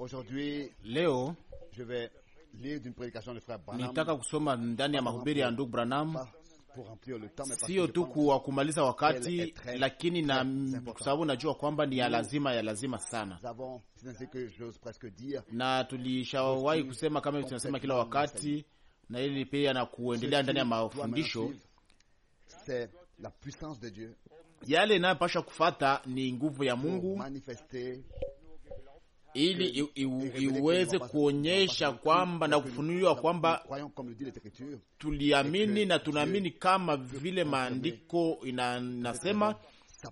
Aujourd'hui, leo nitaka kusoma ndani ya mahubiri ya ndugu Branham sio tu kwa kumaliza wakati, lakini na kwa sababu najua kwamba ni ya lazima ya lazima sana, na tulishawahi kusema kama tunasema kila wakati, na ili pia na kuendelea ndani ya mafundisho yale inayopasha kufata ni nguvu ya Mungu ili iweze kuonyesha kwamba na kufunuliwa kwamba tuliamini na tunaamini kama vile maandiko inasema,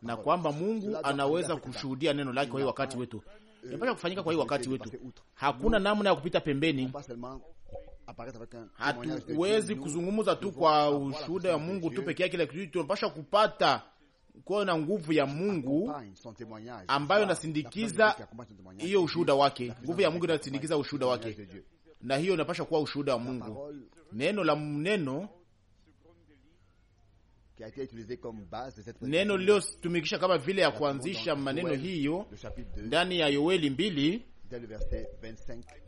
na kwamba Mungu anaweza kushuhudia neno lake kwa hii wakati wetu, euh, inapasha kufanyika kwa hii wakati wetu. Hakuna namna ya kupita pembeni. Hatuwezi kuzungumza tu kwa ushuhuda wa Mungu tu peke yake, lakini tunapasha kupata kuwa na nguvu ya Mungu ambayo inasindikiza hiyo ushuhuda wake. Nguvu ya Mungu inasindikiza ushuhuda wake, na hiyo inapasha kuwa ushuhuda wa Mungu. Neno la neno neno liliyotumikisha kama vile ya kuanzisha maneno hiyo ndani ya Yoeli mbili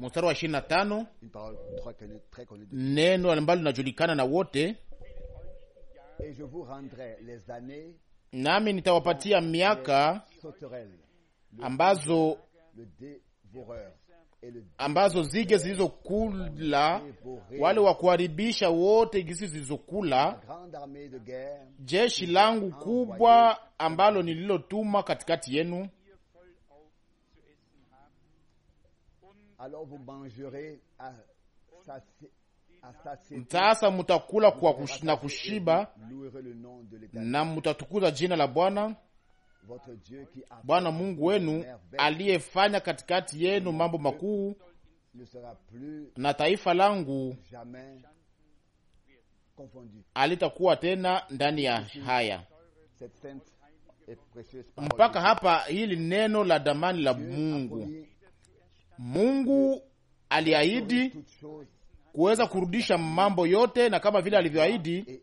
mstari wa ishirini na tano neno ambalo linajulikana na wote nami nitawapatia miaka ambazo ambazo zige zilizokula wale wa kuharibisha wote gisi zilizokula jeshi langu kubwa ambalo nililotuma katikati yenu. Sasa mutakula kwa kush, na kushiba na mutatukuza jina la Bwana Bwana Mungu wenu aliyefanya katikati yenu mambo makuu, na taifa langu alitakuwa tena ndani ya haya. Mpaka hapa, hili neno la damani la Mungu. Mungu aliahidi kuweza kurudisha mambo yote, na kama vile alivyoahidi,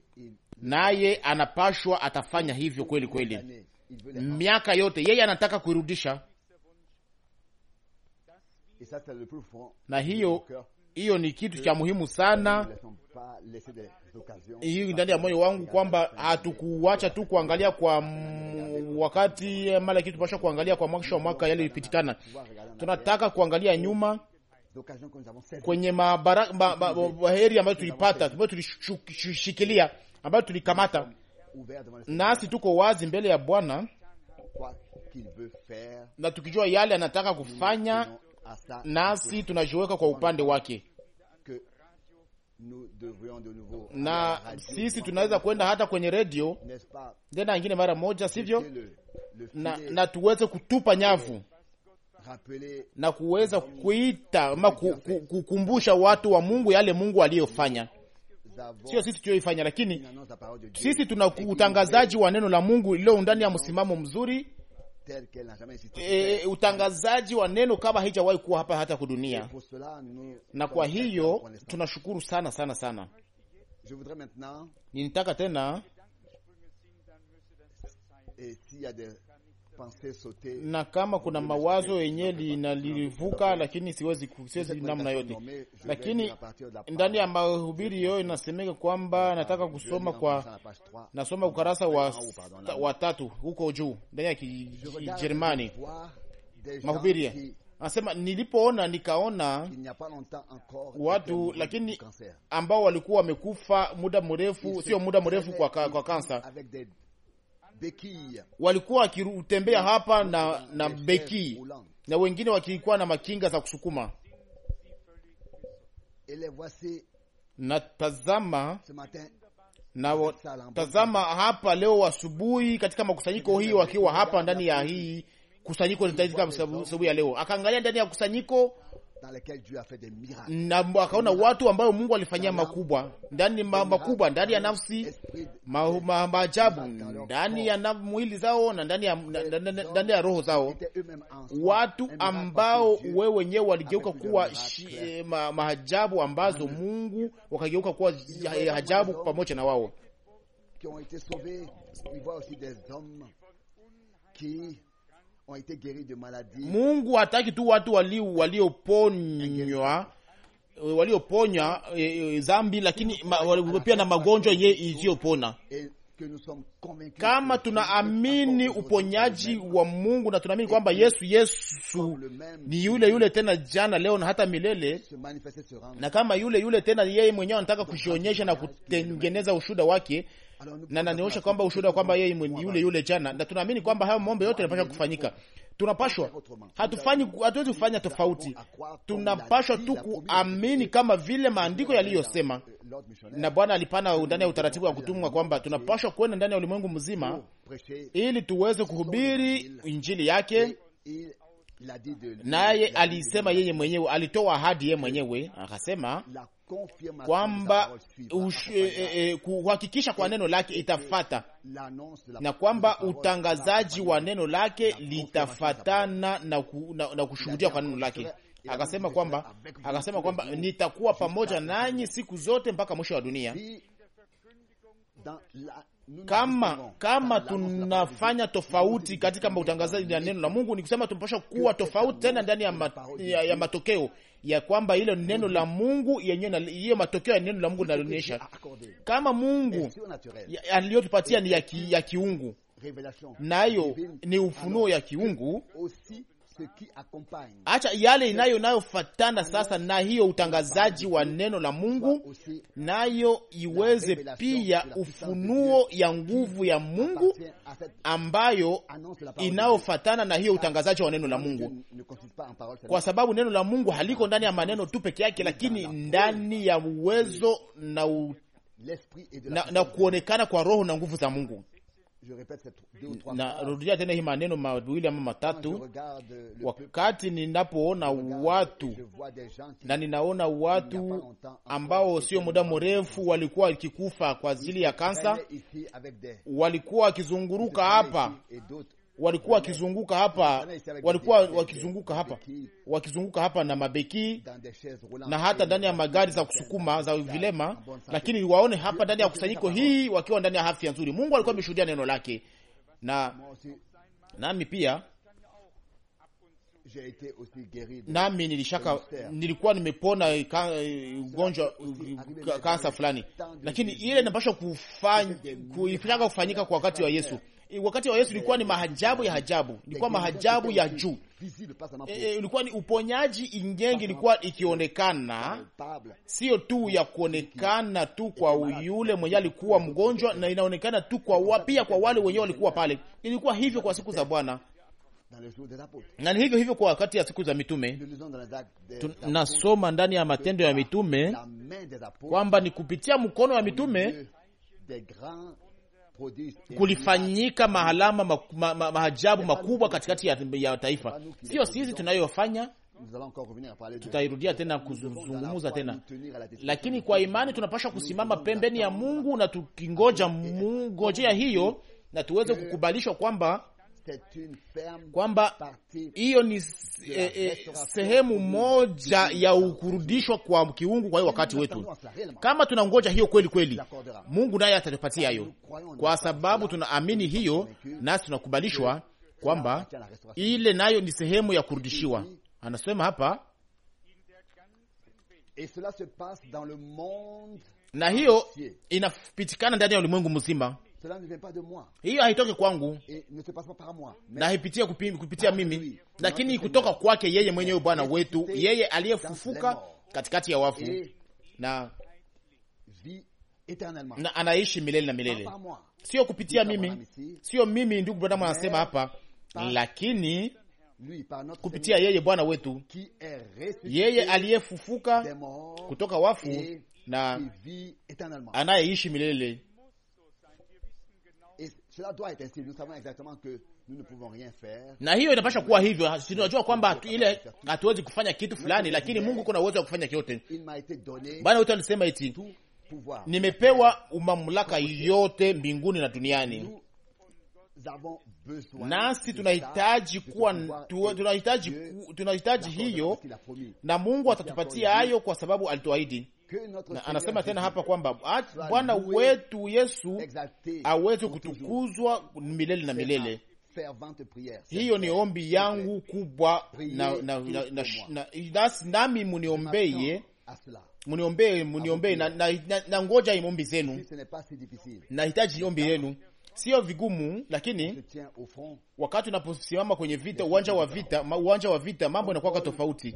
naye anapashwa atafanya hivyo kweli kweli, miaka yote yeye anataka kuirudisha, na hiyo hiyo ni kitu cha muhimu sana hii ndani ya moyo wangu kwamba hatukuacha tu kuangalia kwa wakati mala kitu pasha kuangalia kwa mwaka wa mwaka yale tunataka kuangalia nyuma kwenye mabara ma, ma, ma, heri ambayo tulipata ambayo tulishikilia ambayo tulikamata, nasi tuko wazi mbele ya Bwana na tukijua yale anataka kufanya, nasi tunajiweka kwa upande wake na sisi tunaweza kwenda hata kwenye redio tena ingine mara moja, sivyo? Na, na tuweze kutupa nyavu na kuweza kuita ama kukumbusha watu wa Mungu yale Mungu aliyofanya, sio sisi tuyoifanya, lakini sisi tuna utangazaji wa neno la Mungu iliyo ndani ya msimamo mzuri. E, utangazaji wa neno kama haijawahi kuwa hapa hata kudunia, na kwa hiyo tunashukuru sana sana sana. Ninitaka tena na kama kuna mawazo yenye linalivuka, lakini siwezi siwezi namna yote, lakini ndani ya mahubiri yoyo inasemeka kwamba nataka kusoma kwa nasoma ukarasa wa tatu huko juu ndani ya Kijerumani mahubiri anasema nilipoona nikaona watu lakini ambao walikuwa wamekufa muda mrefu, sio muda mrefu kwa, kwa kansa walikuwa wakitembea hapa na na beki na wengine wakikuwa na makinga za kusukuma. Na tazama, na tazama hapa leo asubuhi katika makusanyiko hii, wakiwa hapa ndani ya hii kusanyiko sababu ya leo, akaangalia ndani ya kusanyiko na wakaona watu ambayo Mungu alifanyia makubwa ndani ma, makubwa ndani ya nafsi ma, ma, ndani ya mwili zao na ndani ya, ndani ya roho zao, watu ambao wewe wenyewe waligeuka kuwa shi, eh, ma, ambazo Mungu wakageuka kuwa hajabu pamoja na wao. Mungu hataki tu watu walioponywa eh, walioponya zambi, eh, eh, lakini pia na magonjwa yenye isiyopona. Kama tunaamini uponyaji wa Mungu na tunaamini kwamba Yesu Yesu ni yule yule tena jana, leo na hata milele, na kama yule yule tena yeye mwenyewe anataka kujionyesha na kutengeneza ushuda wake na nanionyesha kwamba ushuhuda kwamba yeye ni yule yule jana, na tunaamini kwamba hayo mambo yote yanapaswa kufanyika. Tunapashwa, hatufanyi, hatuwezi kufanya tofauti. Tunapashwa tu kuamini kama vile maandiko yaliyosema, eh, na Bwana alipana ndani ya utaratibu wa kutumwa kwamba tunapashwa kwenda ndani ya ulimwengu mzima ili tuweze kuhubiri injili yake naye alisema yeye mwenyewe, alitoa ahadi yeye mwenyewe, akasema kwamba eh, eh, eh, kuhakikisha kwa neno lake itafata na kwamba utangazaji wa neno lake litafatana na, ku, na, na kushuhudia kwa neno lake. Akasema kwamba akasema kwamba nitakuwa pamoja nanyi siku zote mpaka mwisho wa dunia kama kama tunafanya tofauti katika utangazaji ya neno la Mungu, ni kusema tunapasha kuwa tofauti tena ndani ya, mat, ya, ya matokeo ya kwamba ile neno la Mungu yenyewe hiyo matokeo ya neno la Mungu linaloonyesha kama Mungu eh, aliyotupatia ni ya, ki, ya kiungu nayo ni ufunuo ya kiungu acha yale inayo inayofatana sasa na hiyo utangazaji wa neno la Mungu, nayo iweze pia ufunuo ya nguvu ya Mungu ambayo inayofatana na hiyo utangazaji wa neno la Mungu, kwa sababu neno la Mungu haliko ndani ya maneno tu peke yake, lakini ndani ya uwezo na, na, na kuonekana kwa roho na nguvu za Mungu narudia tena hii maneno mawili ama matatu. Wakati ninapoona watu na ninaona watu ambao sio muda mrefu walikuwa wakikufa kwa ajili ya kansa, walikuwa wakizunguruka hapa walikuwa wakizunguka hapa, walikuwa wakizunguka hapa, wakizunguka hapa na mabeki na hata ndani ya magari za kusukuma za vilema, lakini waone hapa ndani ya kusanyiko hii wakiwa ndani ya afya nzuri. Mungu alikuwa ameshuhudia neno lake, na nami pia nami nilishaka nilikuwa nimepona ugonjwa kansa fulani, lakini ile inapasha kufanyika kufanyika kwa wakati wa Yesu Eh, wakati wa Yesu ilikuwa ni mahajabu ya hajabu, ilikuwa mahajabu ya juu, eh, eh, ilikuwa ni uponyaji ingengi, ilikuwa ikionekana, sio tu ya kuonekana tu kwa yule mwenye alikuwa mgonjwa, na inaonekana tu kwa pia kwa wale wenyewe walikuwa pale. Ilikuwa hivyo kwa siku za Bwana na ni hivyo hivyo kwa wakati ya siku za mitume. Tunasoma ndani ya Matendo ya Mitume kwamba ni kupitia mkono wa mitume kulifanyika mahalama ma, ma, ma, mahajabu makubwa katikati ya, ya taifa. Sio sisi tunayofanya, tutairudia tena kuzungumuza tena, lakini kwa imani tunapasha kusimama pembeni ya Mungu na tukingoja mungojea ngojea hiyo, na tuweze kukubalishwa kwamba kwamba hiyo ni e, e, sehemu moja ya ukurudishwa kwa kiungu. Kwa hiyo wakati wetu, kama tunangoja hiyo kweli kweli, Mungu naye atatupatia hiyo, kwa sababu tunaamini hiyo, nasi tunakubalishwa kwamba ile nayo ni sehemu ya kurudishiwa. Anasema hapa na hiyo inapitikana ndani ya ulimwengu mzima hiyo haitoke kwangu na haipitia kupitia ah, mimi, lakini kutoka kwake yeye mwenyewe, Bwana wetu, yeye aliyefufuka katikati ya wafu na na anaishi milele na milele, sio kupitia mimi, sio mimi. Ndugu Bwana anasema hapa, lakini kupitia yeye Bwana wetu, yeye aliyefufuka kutoka wafu na anayeishi milele na hiyo inapasha kuwa hivyo. Tunajua kwamba ile hatuwezi kufanya kitu fulani, lakini Mungu kuna uwezo wa kufanya kyote. Bwana wetu alisema eti nimepewa umamlaka yote mbinguni na duniani. Nasi tunahitaji kuwa tunahitaji tunahitaji hiyo, na Mungu atatupatia hayo kwa sababu alituahidi na anasema tena hapa kwamba Bwana wetu Yesu aweze kutukuzwa milele na milele. Hiyo ni ombi yangu kubwa, nasi nami muniombeye muniombee muniombee, na, ngoja ombi zenu, nahitaji ombi yenu. Sio vigumu, lakini wakati unaposimama kwenye vita, uwanja wa vita, uwanja wa vita, mambo yanakuwa tofauti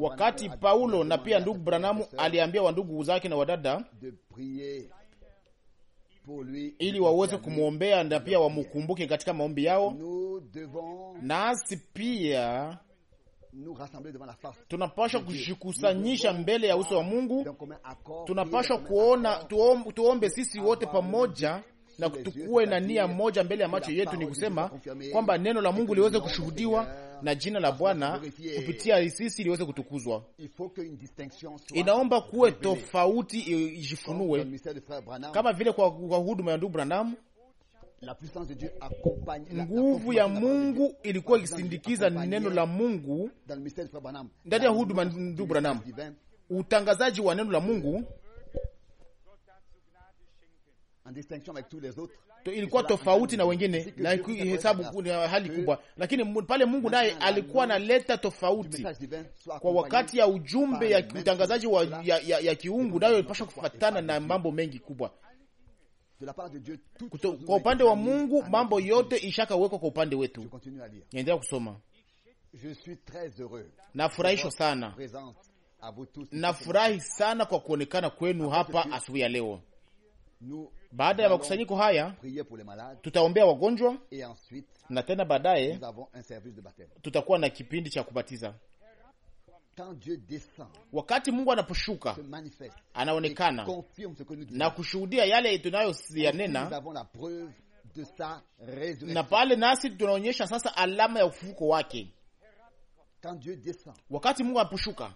wakati Paulo na pia ndugu Branamu aliambia wandugu zake na wadada ili waweze kumwombea na pia wamukumbuke katika maombi yao. Nasi pia tunapashwa kujikusanyisha mbele ya uso wa Mungu, tunapashwa kuona tuom, tuombe sisi wote pamoja na tukuwe na nia moja mbele ya macho yetu, ni kusema kwamba neno la Mungu liweze kushuhudiwa na jina la Bwana kupitia sisi liweze kutukuzwa. Inaomba kuwe tofauti ijifunue, kama vile kwa, kwa huduma ya ndugu Branham nguvu ya Mungu ilikuwa ikisindikiza neno la Mungu ndani ya huduma ndugu Branham, utangazaji wa neno la Mungu ilikuwa tofauti na wengine na hesabu hali kubwa, lakini pale Mungu naye alikuwa analeta tofauti kwa wakati ya ujumbe ya utangazaji wa, ya, ya, ya kiungu, nayo ilipasha kufatana na mambo mengi kubwa Kuto, kwa upande wa Mungu mambo yote ishakawekwa kwa upande wetu. Naendelea kusoma. Nafurahishwa sana, nafurahi sana kwa kuonekana kwenu hapa asubuhi ya leo. Baada ya makusanyiko haya tutaombea wagonjwa na tena baadaye tutakuwa na kipindi cha kubatiza. Wakati Mungu anaposhuka anaonekana na kushuhudia yale tunayoyanena, na pale nasi tunaonyesha sasa alama ya ufufuko wake. Wakati Mungu anaposhuka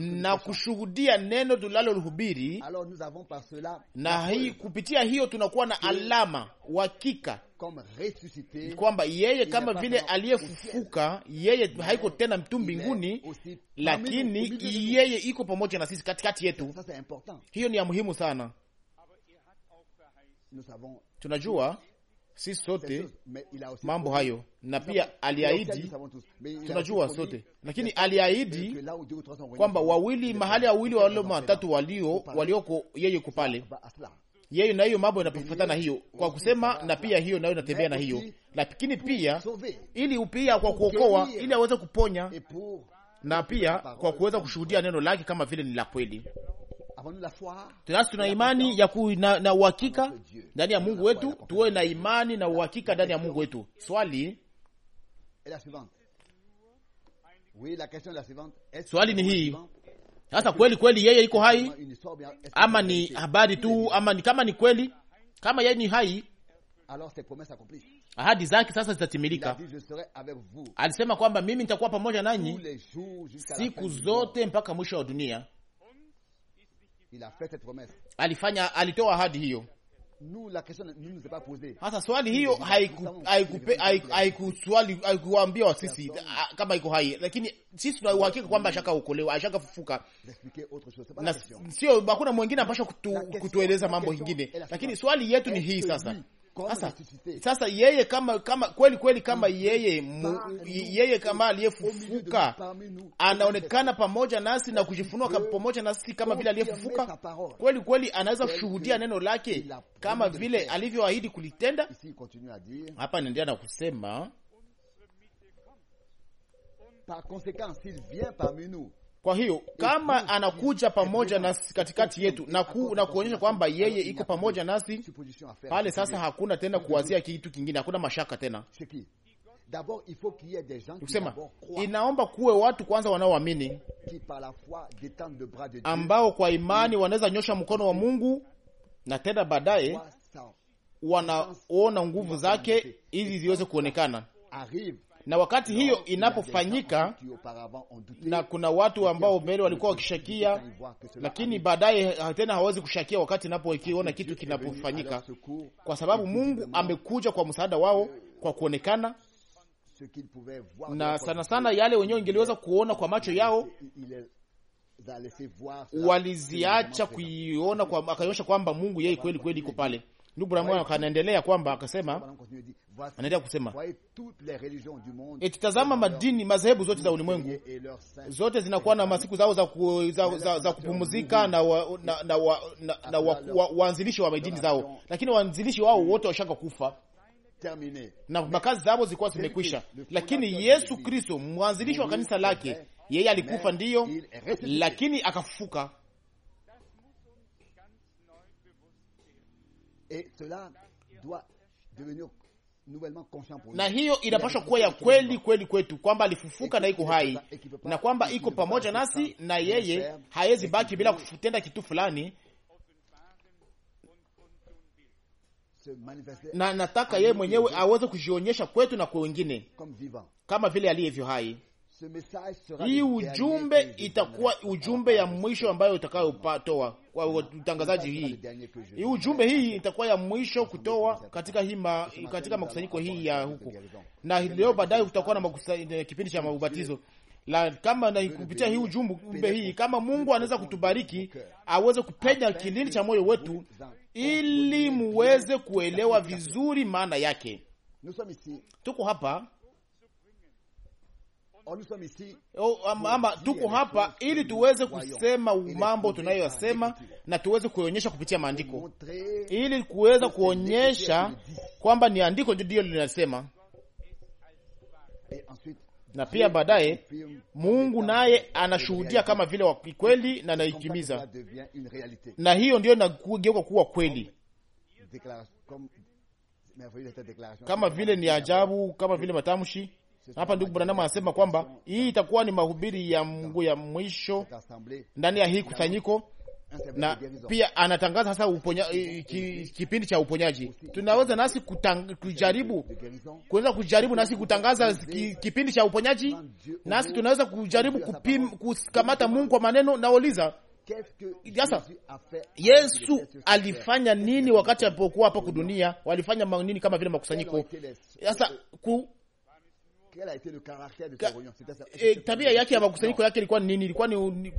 na kushuhudia neno tunalohubiri, na hii kupitia hiyo tunakuwa na alama uhakika kwamba yeye kama vile aliyefufuka, yeye haiko tena mtu mbinguni, lakini yeye iko pamoja na sisi katikati yetu. Hiyo ni ya muhimu sana. Tunajua si sote mambo hayo, na pia aliahidi, tunajua sote lakini aliahidi kwamba wawili mahali wawili wale matatu walio walioko yeye yuko pale yeye, na hiyo mambo yanapofuatana hiyo kwa kusema, na pia hiyo nayo inatembea na hiyo, lakini pia ili upia kwa kuokoa, ili aweze kuponya na pia kwa kuweza kushuhudia neno lake kama vile ni la kweli nasi tuna imani ya ku, na, na uhakika ndani ya Mungu wetu, tuwe na imani na uhakika ndani ya Mungu wetu. Swali swali ni hii sasa, kweli kweli yeye iko hai ama ni habari tu, ama ni kama ni kweli, kama yeye ni hai ahadi zake sasa zitatimilika. Alisema kwamba mimi nitakuwa pamoja nanyi siku zote mpaka mwisho wa dunia. Alifanya, alitoa ahadi hiyo. Hasa swali hiyo wa sisi ah, kama iko hai, lakini sisi tuna uhakika kwamba ashaka okolewa, ashaka fufuka, sio hakuna mwingine ampasha kutueleza mambo ingine, lakini swali yetu ni hii sasa sasa, sasa yeye kama kama kweli kweli kama yeye m, yeye kama aliyefufuka anaonekana pamoja nasi na kujifunua pamoja nasi kama vile aliyefufuka kweli kweli, anaweza kushuhudia neno lake kama vile alivyoahidi kulitenda. Hapa naendelea na kusema kwa hiyo kama anakuja pamoja nasi katikati yetu na, ku, na kuonyesha kwamba yeye iko pamoja nasi pale, sasa hakuna tena kuwazia kitu kingine, hakuna mashaka tena kusema inaomba kuwe watu kwanza wanaoamini ambao kwa imani wanaweza nyosha mkono wa Mungu na tena baadaye wanaona nguvu zake ili ziweze kuonekana na wakati hiyo inapofanyika, na kuna watu ambao mbele walikuwa wakishakia, lakini baadaye tena hawawezi kushakia wakati inapokiona kitu kinapofanyika, kwa sababu Mungu amekuja kwa msaada wao kwa kuonekana na sana sana yale wenyewe ingeliweza kuona kwa macho yao waliziacha kuiona, akaonyesha kwamba Mungu yeye kweli kweli iko pale. Ndugu Branham anaendelea kwamba akasema, anaendelea kusema eti tazama, madini madhehebu zote za ulimwengu zote zinakuwa na masiku zao za, ku, za, za, za kupumzika na waanzilishi wa madini zao, lakini waanzilishi wao wote washaka kufa na makazi zao zilikuwa zimekwisha, lakini Yesu Kristo mwanzilishi wa kanisa lake yeye alikufa ndiyo, lakini akafufuka na hiyo inapaswa kuwa ya kweli kweli kwetu kwamba alifufuka na iko hai na kwamba iko pamoja nasi, na yeye hawezi baki bila kutenda kitu fulani. Na nataka yeye mwenyewe aweze kujionyesha kwetu na kwa wengine kama vile aliyevyo hai. Hii ujumbe itakuwa ujumbe ya mwisho ambayo utakayotoa kwa utangazaji hii. Hii ujumbe hii itakuwa ya mwisho kutoa katika hima, katika makusanyiko hii ya huku, na leo baadaye kutakuwa na eh, kipindi cha ubatizo la kama na kupitia hii ujumbe hii, kama Mungu anaweza kutubariki aweze kupenya kilindi cha moyo wetu, ili muweze kuelewa vizuri maana yake. Tuko hapa Oh, oh, ama, ama tuko hapa ili tuweze kusema mambo tunayoyasema na tuweze kuonyesha kupitia maandiko, ili kuweza kuonyesha kwamba ni andiko ndiyo linasema, na pia baadaye Mungu naye anashuhudia kama vile wa kweli na anaitimiza, na hiyo ndiyo inageuka kuwa kweli kama vile ni ajabu, kama vile matamshi hapa ndugu Branham anasema kwamba hii itakuwa ni mahubiri ya Mungu ya mwisho ndani ya hii kusanyiko, na pia anatangaza sasa uponya, ki, kipindi cha uponyaji. Tunaweza nasi kutang, kujaribu kuweza kujaribu nasi kutangaza ki, kipindi cha uponyaji, nasi tunaweza kujaribu kupim, kusikamata Mungu kwa maneno. Nauliza sasa Yesu alifanya nini wakati alipokuwa hapa kudunia? Walifanya nini kama vile makusanyiko sasa Eh, tabia yake ya makusanyiko yake ilikuwa nini? Ilikuwa ni,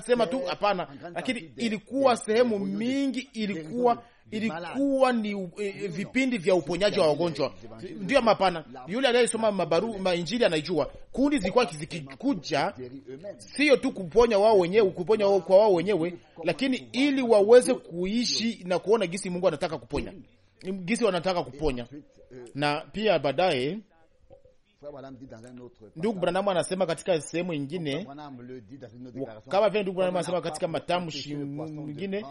kusema tu eh, hapana, lakini ilikuwa sehemu mingi ilikuwa ilikuwa ni e, vipindi vya uponyaji wa wagonjwa. Ndio mapana, yule aliyesoma mabaru mainjili anaijua kundi zilikuwa zikikuja, sio tu kuponya wao wenyewe, kuponya wao kwa wao wenyewe, lakini ili waweze kuishi na kuona gisi Mungu anataka kuponya, mm. gisi wanataka kuponya, euh, na pia baadaye Ndugu Branham anasema katika sehemu ingine, kama vile ndugu Branham anasema katika matamshi mwingine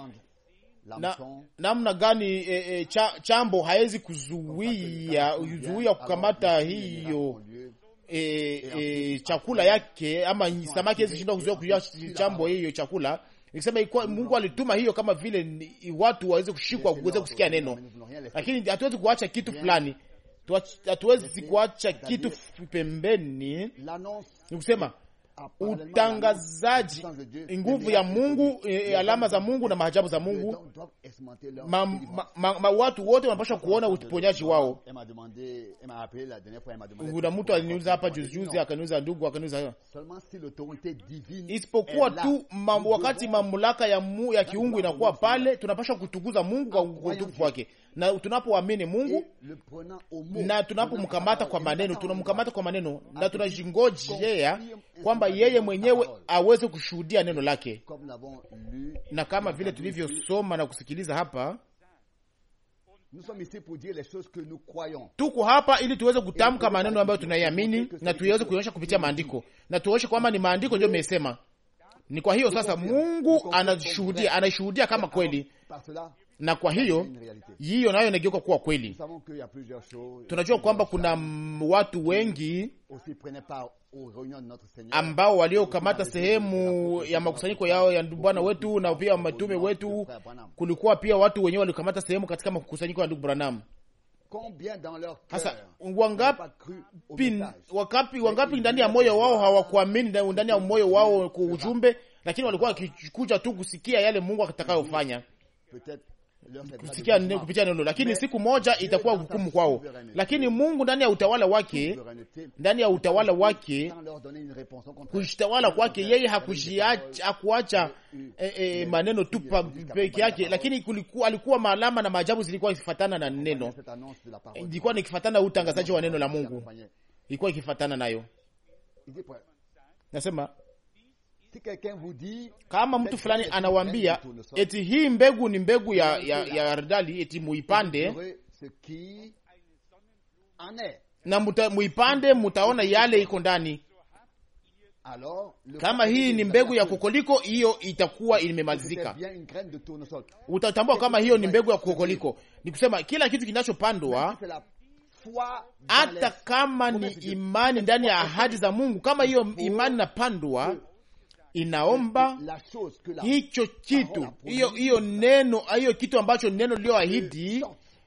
namna gani e, e, cha, chambo hawezi kuzuia zuia kukamata hiyo e, e, chakula yake ama samaki hawezi shindwa kuzuia kuzuia chambo hiyo chakula. Nikisema Mungu alituma hiyo kama vile watu waweze kushikwa kuweze kusikia neno, lakini hatuwezi kuacha kitu fulani hatuwezi kuacha kitu pembeni, ni kusema utangazaji, nguvu ya Mungu, e, e, alama za Mungu na maajabu za Mungu. Ma, ma, ma, ma watu wote wanapaswa kuona uponyaji wao. Kuna mtu aliniuliza hapa juzijuzi, akaniuliza ndugu, akaniuliza isipokuwa tu ma, wakati mamlaka ya, mu, ya kiungu inakuwa pale, tunapaswa kutukuza Mungu kwa utukufu wake na tunapoamini Mungu na tunapomkamata kwa maneno, tunamkamata kwa maneno na tunajingojea kwamba yeye mwenyewe aweze kushuhudia neno lake, na kama vile tulivyosoma na kusikiliza hapa tuko hapa ili tuweze kutamka maneno ambayo tunaiamini na tuweze kuonyesha kupitia maandiko na tuonyeshe kwamba ni maandiko ndio imesema. Ni kwa hiyo sasa Mungu anashuhudia, anashuhudia kama kweli, na kwa hiyo hiyo nayo inageuka kuwa kweli. Tunajua kwamba kuna watu wengi ambao waliokamata sehemu ya makusanyiko yao ya bwana wetu na pia mtume wetu. Kulikuwa pia watu wenyewe waliokamata sehemu katika makusanyiko ya ndugu Branham. Sasa wangapi wangapi ndani ya moyo wao hawakuamini, ndani ya moyo wao kwa ujumbe, lakini walikuwa wakikuja tu kusikia yale Mungu atakayofanya kusikia neno kupitia neno, lakini siku moja itakuwa hukumu kwao. Lakini Mungu ndani ya utawala wake, ndani ya utawala wake, kujitawala kwake yeye hakuacha e, e, maneno tu peke yake, lakini kulikuwa, alikuwa maalama na maajabu zilikuwa zikifatana na neno, ilikuwa nikifatana utangazaji wa neno la Mungu, ilikuwa ikifuatana nayo. Nasema kama mtu fulani anawambia eti hii mbegu ni mbegu ya ya, ya ardali, eti muipande na muta, muipande mutaona yale iko ndani. Kama hii ni mbegu ya kokoliko, hiyo itakuwa imemalizika. Utatambua kama hiyo ni mbegu ya kokoliko. Ni kusema kila kitu kinachopandwa hata kama ni imani ndani ya ahadi za Mungu, kama hiyo imani napandwa inaomba hicho kitu, hiyo hiyo neno, hiyo kitu ambacho neno liliyoahidi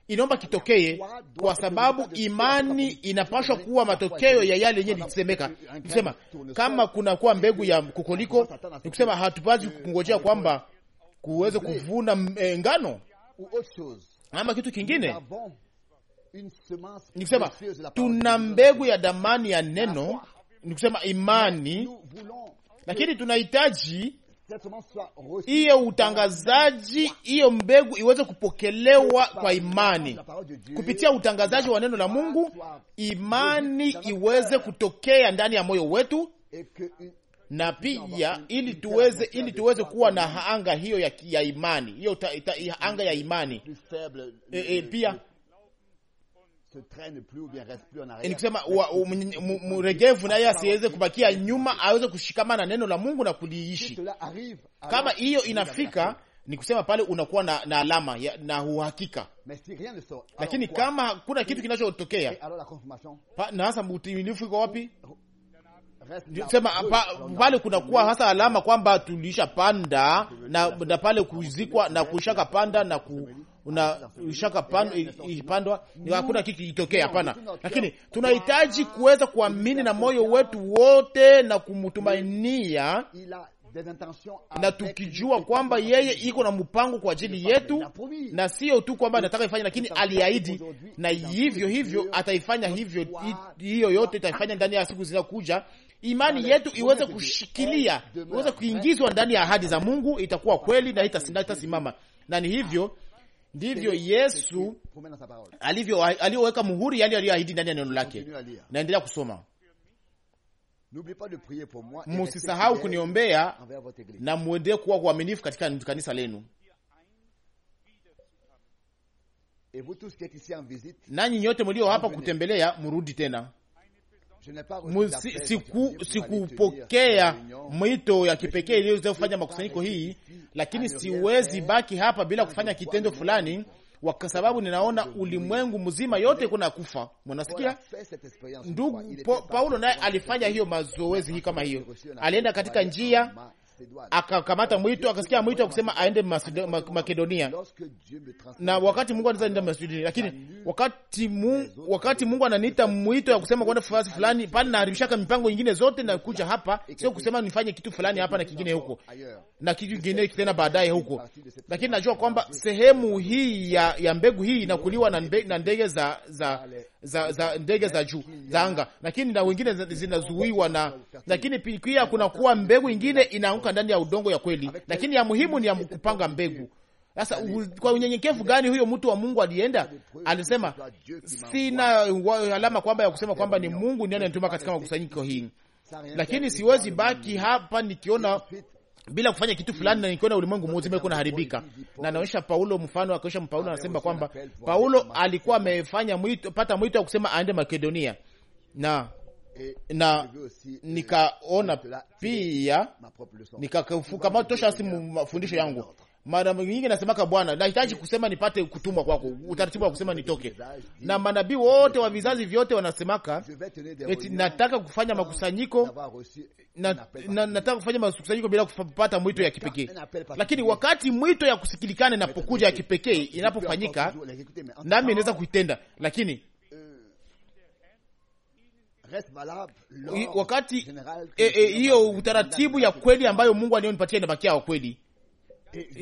inaomba kitokee, kwa sababu imani inapashwa kuwa matokeo ya yale yenye likisemeka. Kusema kama kunakuwa mbegu ya kokoliko, ni kusema hatupazi kungojea kwamba kuweze kuvuna ngano ama kitu kingine. Ni kusema tuna mbegu ya damani ya neno, ni kusema imani lakini tunahitaji hiyo utangazaji, hiyo mbegu iweze kupokelewa kwa imani kupitia utangazaji wa neno la Mungu, imani iweze kutokea ndani ya moyo wetu, na pia ili tuweze ili tuweze kuwa na anga hiyo ya, ya imani hiyo anga ya imani e, e, pia ni mregevu naye asiweze kubakia nyuma, aweze kushikamana na neno la Mungu na kuliishi. Kama hiyo inafika ni kusema pale unakuwa na, na alama ya, na uhakika. Lakini kama kuna kitu kinachotokea, na hasa utimilifu iko wapi? Sema pa, pale kunakuwa hasa alama kwamba tuliisha panda na, na pale kuzikwa na kushaka panda na ku una shaka pandwa ipandwa, hakuna kitu kitokee, hapana. Lakini tunahitaji kuweza kuamini na moyo wetu wote na kumtumainia na tukijua kwamba yeye iko na mpango kwa ajili yetu, na sio tu kwamba anataka ifanye, lakini aliahidi, na hivyo hivyo ataifanya hivyo. Hiyo yote itaifanya ndani ya siku zinakuja. imani yetu iweze kushikilia, iweze kuingizwa ndani ya ahadi za Mungu, itakuwa kweli na itasimama. Na ni hivyo Ndivyo Yesu alivyo aliyoweka muhuri yale aliyoahidi ndani ya neno lake. Naendelea kusoma. musisahau kuniombea na muendelee kuwa waaminifu katika kanisa lenu. Nanyi nyote mlio hapa kutembelea, mrudi tena sikupokea mwito ya kipekee iliyoweza kufanya makusanyiko hii, lakini siwezi baki hapa bila kufanya kitendo fulani kwa sababu ninaona ulimwengu mzima yote kuna kufa. Mwanasikia ndugu Paulo, naye alifanya hiyo mazoezi hii kama hiyo, alienda katika njia akakamata mwito, akasikia mwito wa kusema aende Makedonia, na wakati Mungu anaweza enda lakini wakati Mungu, wakati Mungu ananiita mwito ya kusema kwenda fasi fulani pale, naharibishaka mipango ingine zote na kuja hapa, sio kusema nifanye kitu fulani hapa na kingine huko na kitu kingine tena baadaye huko, lakini najua kwamba sehemu hii ya, ya mbegu hii inakuliwa na, na ndege za, za za, za ndege za juu za anga, lakini na wengine zinazuiwa na, lakini pia kuna kuwa mbegu ingine inaanguka ndani ya udongo ya kweli, lakini ya muhimu ni ya kupanga mbegu. Sasa kwa unyenyekevu gani huyo mtu wa Mungu alienda, alisema sina alama kwamba ya kusema kwamba ni Mungu ndiye ananituma katika makusanyiko hii, lakini siwezi baki hapa nikiona bila kufanya kitu fulani na nikiona ulimwengu mzima uko naharibika. Na naonyesha Paulo mfano, akaonyesha Paulo anasema kwamba Paulo alikuwa amefanya mwito, pata mwito wa kusema aende Makedonia na na nikaona pia nikakamata tosha si mafundisho yangu mara nyingi nasemaka Bwana, nahitaji kusema nipate kutumwa kwako, utaratibu wa kusema nitoke. Na manabii wote wa vizazi vyote wanasemaka eti nataka kufanya makusanyiko na, na, nataka kufanya makusanyiko bila kupata mwito ya kipekee. Lakini wakati mwito ya kusikilikana inapokuja ya kipekee inapofanyika, nami inaweza kuitenda, lakini wakati hiyo e, e, utaratibu ya kweli ambayo Mungu alionipatia inabakia wa kweli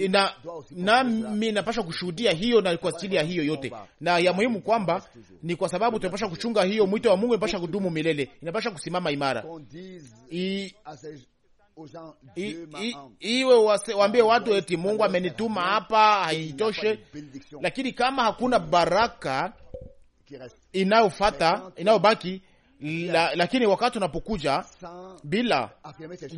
na nami napasha kushuhudia hiyo na kwa ajili ya hiyo yote, na ya muhimu kwamba ni kwa sababu tunapasha kuchunga hiyo mwito wa Mungu, inapasha kudumu milele, inapasha kusimama imara I, iwe waambie watu eti Mungu amenituma hapa haitoshe, lakini kama hakuna baraka inayofata inayobaki la, lakini wakati unapokuja bila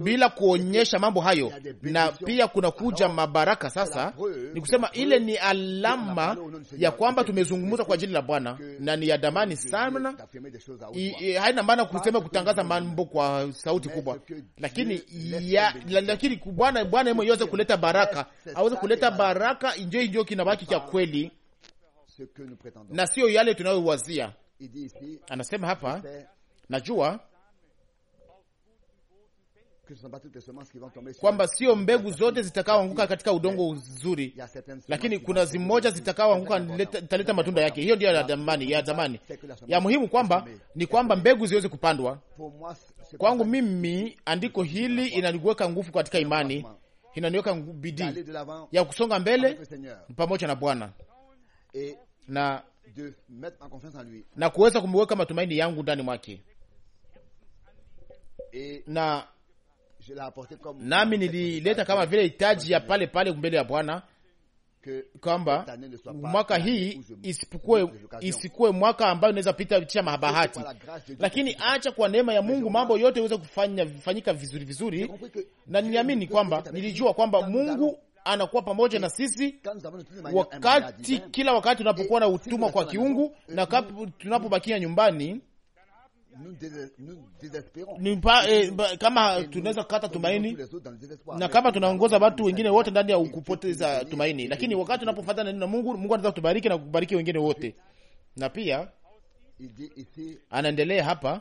bila kuonyesha mambo hayo, na pia kuna kuja mabaraka. Sasa ni kusema ile ni alama ya kwamba tumezungumza kwa ajili la Bwana na ni ya damani sana. Haina maana kusema kutangaza mambo kwa sauti kubwa, lakini ya, lakini Bwana Bwana yeye aweze kuleta baraka, aweze kuleta baraka, ndio ndio kinabaki cha kweli na sio yale tunayowazia. Anasema hapa Najua kwamba sio mbegu zote zitakaoanguka katika udongo uzuri, lakini kuna zimoja zitakaoanguka italeta matunda yake. Hiyo ndiyo ya ya zamani ya muhimu, kwamba ni kwamba mbegu ziweze kupandwa. Kwangu mimi, andiko hili inaniweka nguvu katika imani, inaniweka bidii ya kusonga mbele pamoja na Bwana na na kuweza kumweka matumaini yangu ndani mwake na nami nilileta kama vile hitaji ya pale pale mbele ya Bwana kwamba mwaka hii isikuwe isikuwe mwaka ambayo inaweza pita cha mahabahati, lakini acha kwa neema ya Mungu mambo yote iweze kufanya kufanyika vizuri vizuri. Na niliamini kwamba nilijua kwamba Mungu anakuwa pamoja na sisi wakati kila wakati tunapokuwa na utumwa kwa kiungu na euh, tunapobakia nyumbani Eh, kama tunaweza kukata tumaini na kama tunaongoza watu wengine wote ndani ya kupoteza tumaini, lakini wakati tunapofuata neno la Mungu, Mungu anaweza kutubariki na kubariki wengine wote. Na pia anaendelea hapa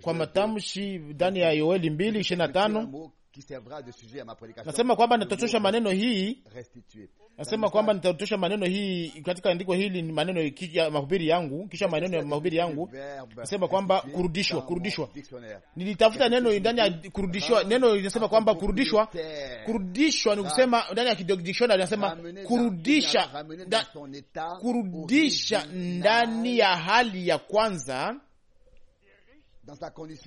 kwa matamshi ndani ya Yoeli 225 nasema kwamba nitachosha maneno hii Nasema kwamba nitarudisha maneno hii katika andiko hili, ni maneno ya mahubiri yangu, kisha maneno ya mahubiri yangu. Nasema kwamba kurudishwa, kurudishwa, nilitafuta neno ndani ya kurudishwa. Neno linasema kwamba kurudishwa, kurudishwa ni kusema ndani ya dictionary, nasema kurudisha, kurudisha ndani ya hali ya kwanza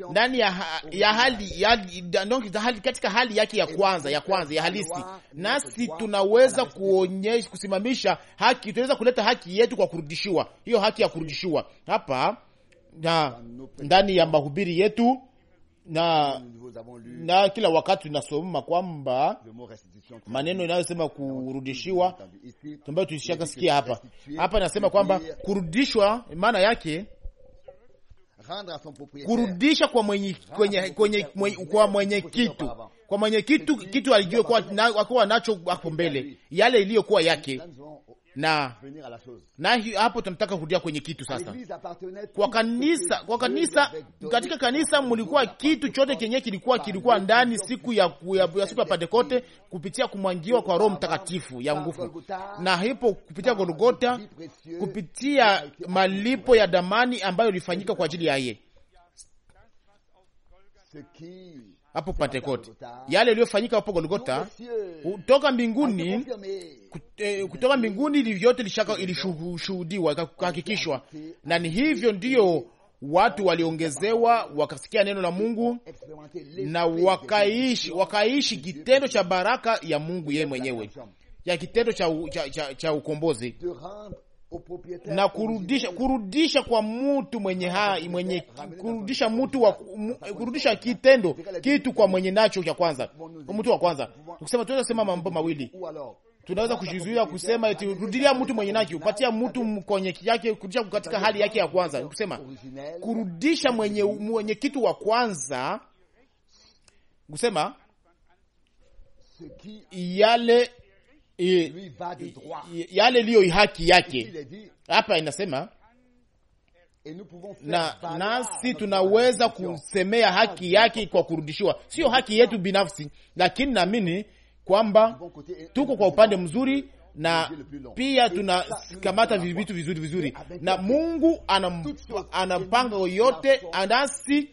ndani ya, ha, ya hali ya, donc, hali katika hali yake ya kwanza ya kwanza ya halisi, nasi tunaweza kuonyesha kusimamisha haki, tunaweza kuleta haki yetu kwa kurudishiwa, hiyo haki ya kurudishiwa hapa na ndani ya mahubiri yetu na na kila wakati tunasoma kwamba maneno inayosema kurudishiwa ambayo tulishakasikia hapa hapa, inasema kwamba kurudishwa maana yake kurudisha kwa mwenye kwenye, kwenye, kwa mwenye kitu kwa mwenye kitu kitu aliyokuwa nacho hapo mbele, yale iliyokuwa yake na na hapo tunataka kurudia kwenye kitu sasa. Kwa kanisa, kwa kanisa, katika kanisa mlikuwa kitu chote chenye kilikuwa kilikuwa ndani siku ya, ya, ya siku ya Pentekote kupitia kumwangiwa kwa Roho Mtakatifu ya nguvu, na hipo kupitia Golgota, kupitia malipo ya damani ambayo ilifanyika kwa ajili yaye hapo Pentekote, yale yaliyofanyika hapo Golgotha kutoka mbinguni, eh, kutoka mbinguni, ili vyote lishaka ilishuhudiwa, ikahakikishwa, na ni hivyo ndiyo watu waliongezewa, wakasikia neno la Mungu na wakaishi, wakaishi kitendo cha baraka ya Mungu yeye mwenyewe ya kitendo cha, cha, cha, cha ukombozi na kurudisha kurudisha kwa mtu mwenye hai, mwenye kurudisha mtu wa kurudisha kitendo kitu kwa mwenye nacho cha kwanza, mtu wa kwanza. Tukisema tunaweza kusema mambo mawili, tunaweza kujizuia kusema eti rudilia mtu mwenye nacho, patia mtu kwenye yake, kurudisha katika hali yake ya kwanza. Kusema kurudisha mwenye mwenye kitu wa kwanza, kusema yale yale liyo haki yake. Hapa inasema na nasi tunaweza kusemea haki yake kwa kurudishiwa, sio haki yetu binafsi, lakini naamini kwamba eh, tuko eh, kwa upande mzuri na pia tunakamata vitu vizuri vizuri, na Mungu anapanga yote, nasi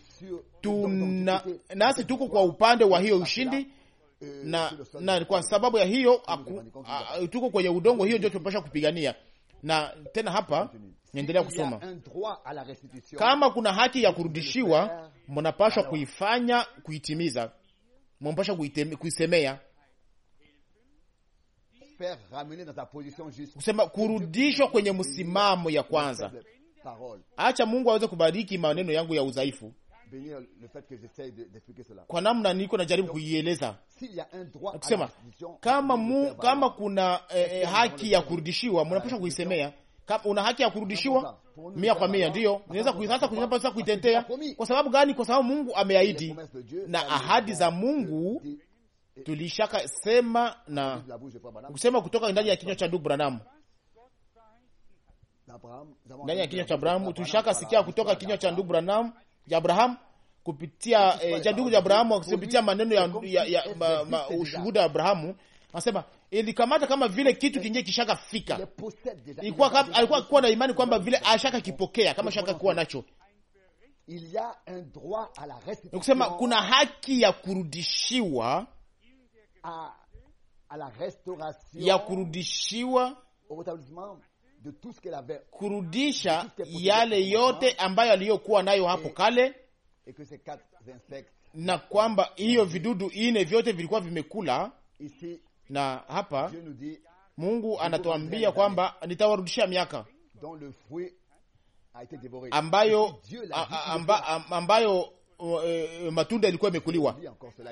tuna nasi tuko kwa upande wa hiyo ushindi Eh, na, na kwa sababu ya hiyo aku, a, tuko kwenye udongo, hiyo ndio tunapasha kupigania. Na tena hapa niendelea kusoma, kama kuna haki ya kurudishiwa, mnapashwa kuifanya kuitimiza, mnapashwa kuisemea kusema kurudishwa kwenye msimamo ya kwanza. Acha Mungu aweze kubariki maneno yangu ya udhaifu le fait que cela. kwa namna niko najaribu kuieleza kusema kama mu, kama kuna eh, eh haki ya kurudishiwa, mnapasha kuisemea una haki ya kurudishiwa mia kwa mia, ndio ndiyo sasa kuitetea. Kwa sababu gani? Kwa sababu Mungu ameahidi, na ahadi za Mungu tulishaka sema na kusema kutoka ndani ya kinywa cha ndugu Branham, ndani ya kinywa cha Branham tulishaka sikia kutoka kinywa cha ndugu Branham ya Abrahamu kupitia eh, cha ndugu ya Abrahamu kupitia maneno ya, ya, ya ma, ma, ushuhuda wa Abrahamu anasema ilikamata kama vile kitu kinje kishaka fika, ilikuwa alikuwa kuwa na imani kwamba vile ashaka kipokea kama shaka kuwa nacho kusema kuna haki ya kurudishiwa ya kurudishiwa kurudisha yale yote ambayo aliyokuwa nayo hapo kale, na kwamba hiyo vidudu ine vyote vilikuwa vimekula. Na hapa Mungu anatuambia kwamba nitawarudishia miaka ambayo amba, ambayo Uh, matunda ilikuwa imekuliwa.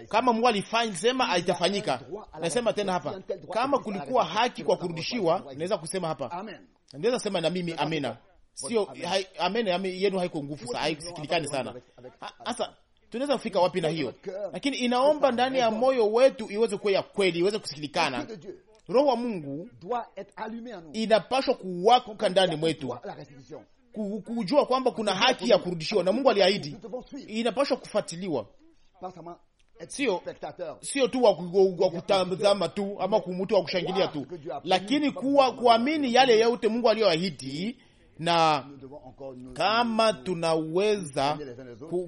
Kama Mungu alifanya haitafanyika, nasema tena hapa, kama kulikuwa haki kwa kurudishiwa, naweza kusema hapa, amen ndiweza sema na mimi amena, sio hai, yenu haiko nguvu, haisikilikani sana. Sasa tunaweza kufika wapi na hiyo? Lakini inaomba ndani ya moyo wetu iweze kuwa ya kweli, iweze kusikilikana. Roho wa Mungu inapashwa kuwaka ndani mwetu kujua kwamba kuna haki ya kurudishiwa na Mungu aliahidi, inapashwa kufuatiliwa Eh, sio sio tu wa kutazama tu ama kumutu wa kushangilia tu, lakini kuwa kuamini yale yote Mungu aliyoahidi na kama tunaweza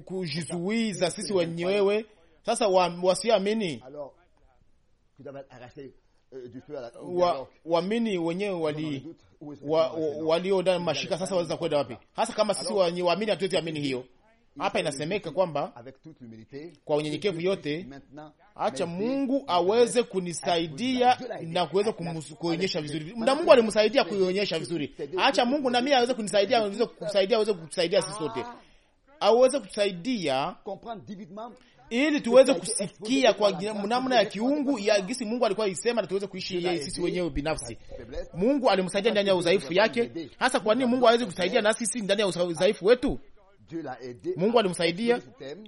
kujizuiza sisi wenyewe sasa, wasiamini euh, wa, waamini wenyewe wali waliodana mashika sasa, waweza kwenda wapi? Hasa kama sisi waamini hatuwezi amini hiyo hapa inasemeka kwamba kwa unyenyekevu yote, acha Mungu aweze kunisaidia na kuweza kuonyesha vizuri, na Mungu alimsaidia kuionyesha vizuri. Acha Mungu na mimi aweze kunisaidia, aweze kusaidia, aweze kutusaidia sisi sote, ah, aweze kutusaidia ili tuweze kusikia kwa namna ya kiungu ya gisi Mungu alikuwa isema, na tuweze kuishi yeye sisi wenyewe binafsi. Mungu alimsaidia ndani ya udhaifu yake. Hasa kwa nini Mungu hawezi kusaidia na sisi ndani ya udhaifu wetu? Mungu alimsaidia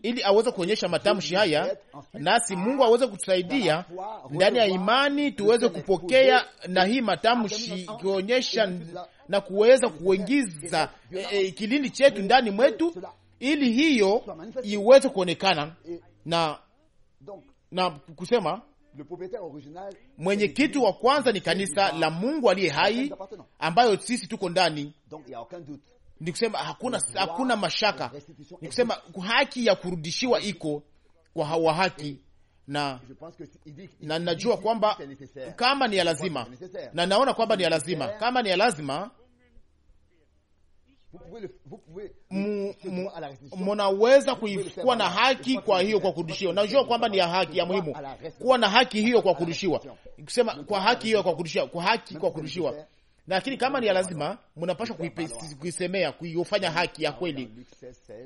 ili aweze kuonyesha matamshi haya, nasi Mungu aweze kutusaidia ndani ya imani tuweze kupokea na hii matamshi kuonyesha na kuweza kuingiza e, e, kilindi chetu ndani mwetu ili hiyo iweze kuonekana na na kusema mwenye kitu wa kwanza ni kanisa la Mungu aliye hai ambayo sisi tuko ndani ni kusema hakuna, hakuna mashaka, ni kusema haki ya kurudishiwa iko kwa hawa haki na na najua kwamba kama ni ya lazima, na naona kwamba ni ya lazima. Kama ni ya lazima, munaweza kuwa na haki kwa hiyo kwa kurudishiwa. Najua kwamba ni ya haki ya muhimu kuwa na haki hiyo kwa kurudishiwa, kusema kwa haki hiyo kwa kurudishiwa, kwa haki kwa kurudishiwa lakini kama ni ya lazima, mnapaswa kuisemea, kuifanya haki ya kweli.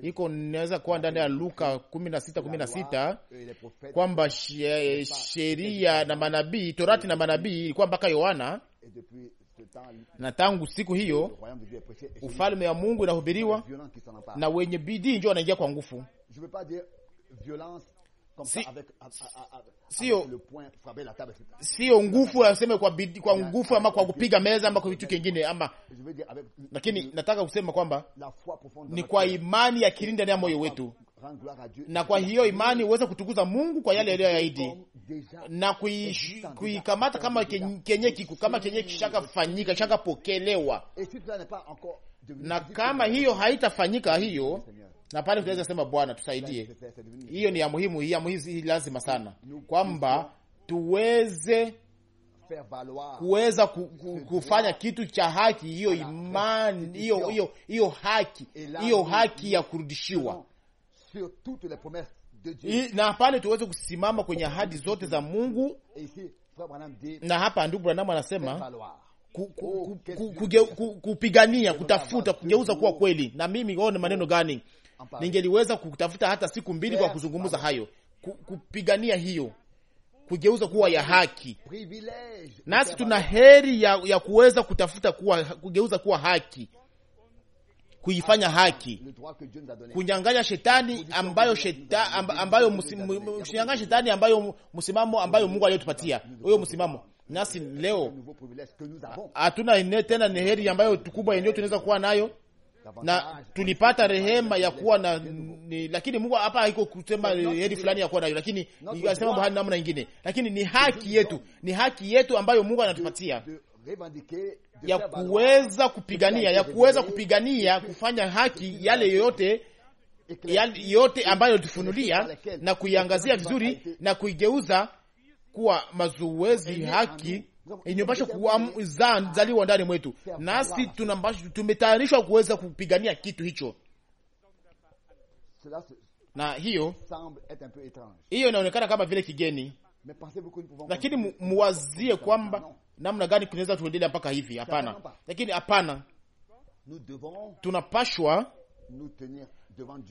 Iko inaweza kuwa ndani ya Luka 16:16 16, kwamba sheria na manabii, torati na manabii ilikuwa mpaka Yohana, na tangu siku hiyo ufalme wa Mungu inahubiriwa na wenye bidii ndio wanaingia kwa nguvu sio nguvu aseme kwa kwa nguvu ama kwa kupiga meza ama kwa vitu kingine ama, lakini nataka kusema kwamba ni kwa imani ya kilindi ndani ya moyo wetu, na kwa hiyo imani huweza kutukuza Mungu kwa yale yaliyoahidi na kuikamata kama kenye kiku kama kenye kishakafanyika kishakapokelewa, na kama hiyo haitafanyika hiyo na pale tunaweza sema Bwana tusaidie. Hiyo ni ya muhimu, ya muhimu, lazima sana kwamba tuweze kuweza kufanya kitu cha haki hiyo, imani hiyo, hiyo, hiyo haki hiyo haki ya kurudishiwa na pale tuweze kusimama kwenye ahadi zote za Mungu. Na hapa ndugu Branamu anasema oh, kupigania, kutafuta kugeuza kuwa oh. kweli. Na mimi one oh, maneno gani ningeliweza kutafuta hata siku mbili kwa kuzungumza hayo, kupigania hiyo kugeuza kuwa ya haki. Nasi tuna heri ya, ya kuweza kutafuta kuwa, kugeuza kuwa haki, kuifanya haki, kunyang'anya shetani ambayo sheta, ambayo kunyang'anya shetani ambayo msimamo ambayo Mungu aliyotupatia huyo msimamo. Nasi leo hatuna tena, ni heri ambayo tukubwa yenyewe tunaweza kuwa nayo na tulipata rehema ya kuwa na ni, lakini Mungu hapa haiko kusema heri fulani ya kuwa nayo, lakini anasema bahali namna ingine, lakini ni haki yetu, ni haki yetu ambayo Mungu anatupatia ya kuweza kupigania, ya kuweza kupigania kufanya haki yale yoyote yote ambayo tufunulia na kuiangazia vizuri na kuigeuza kuwa mazoezi haki inayopasha kuzaliwa ndani mwetu, nasi tumetayarishwa kuweza kupigania kitu hicho, na hiyo hiyo inaonekana kama vile kigeni, lakini muwazie kwamba namna gani kunaweza tuendelea mpaka hivi. Hapana, lakini hapana, tunapashwa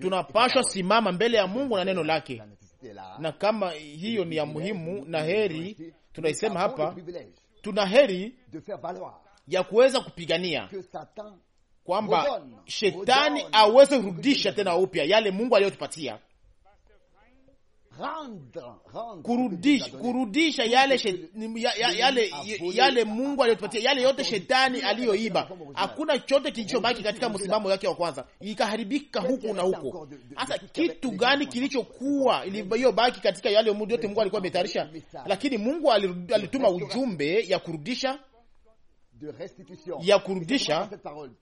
tunapashwa simama mbele ya Mungu na neno lake, na kama hiyo ni ya muhimu na heri tunaisema hapa, tuna heri ya kuweza kupigania kwamba shetani aweze kurudisha tena upya yale Mungu aliyotupatia kurudisha, kurudisha yale, she, yale, yale, Mungu aliyotupatia yale yote shetani aliyoiba. Hakuna chote kilichobaki katika msimamo wake wa kwanza, ikaharibika huku na huko. Hasa kitu gani kilichokuwa iliyobaki katika yale yote Mungu alikuwa ametayarisha? Lakini Mungu alituma ujumbe ya kurudisha ya kurudisha,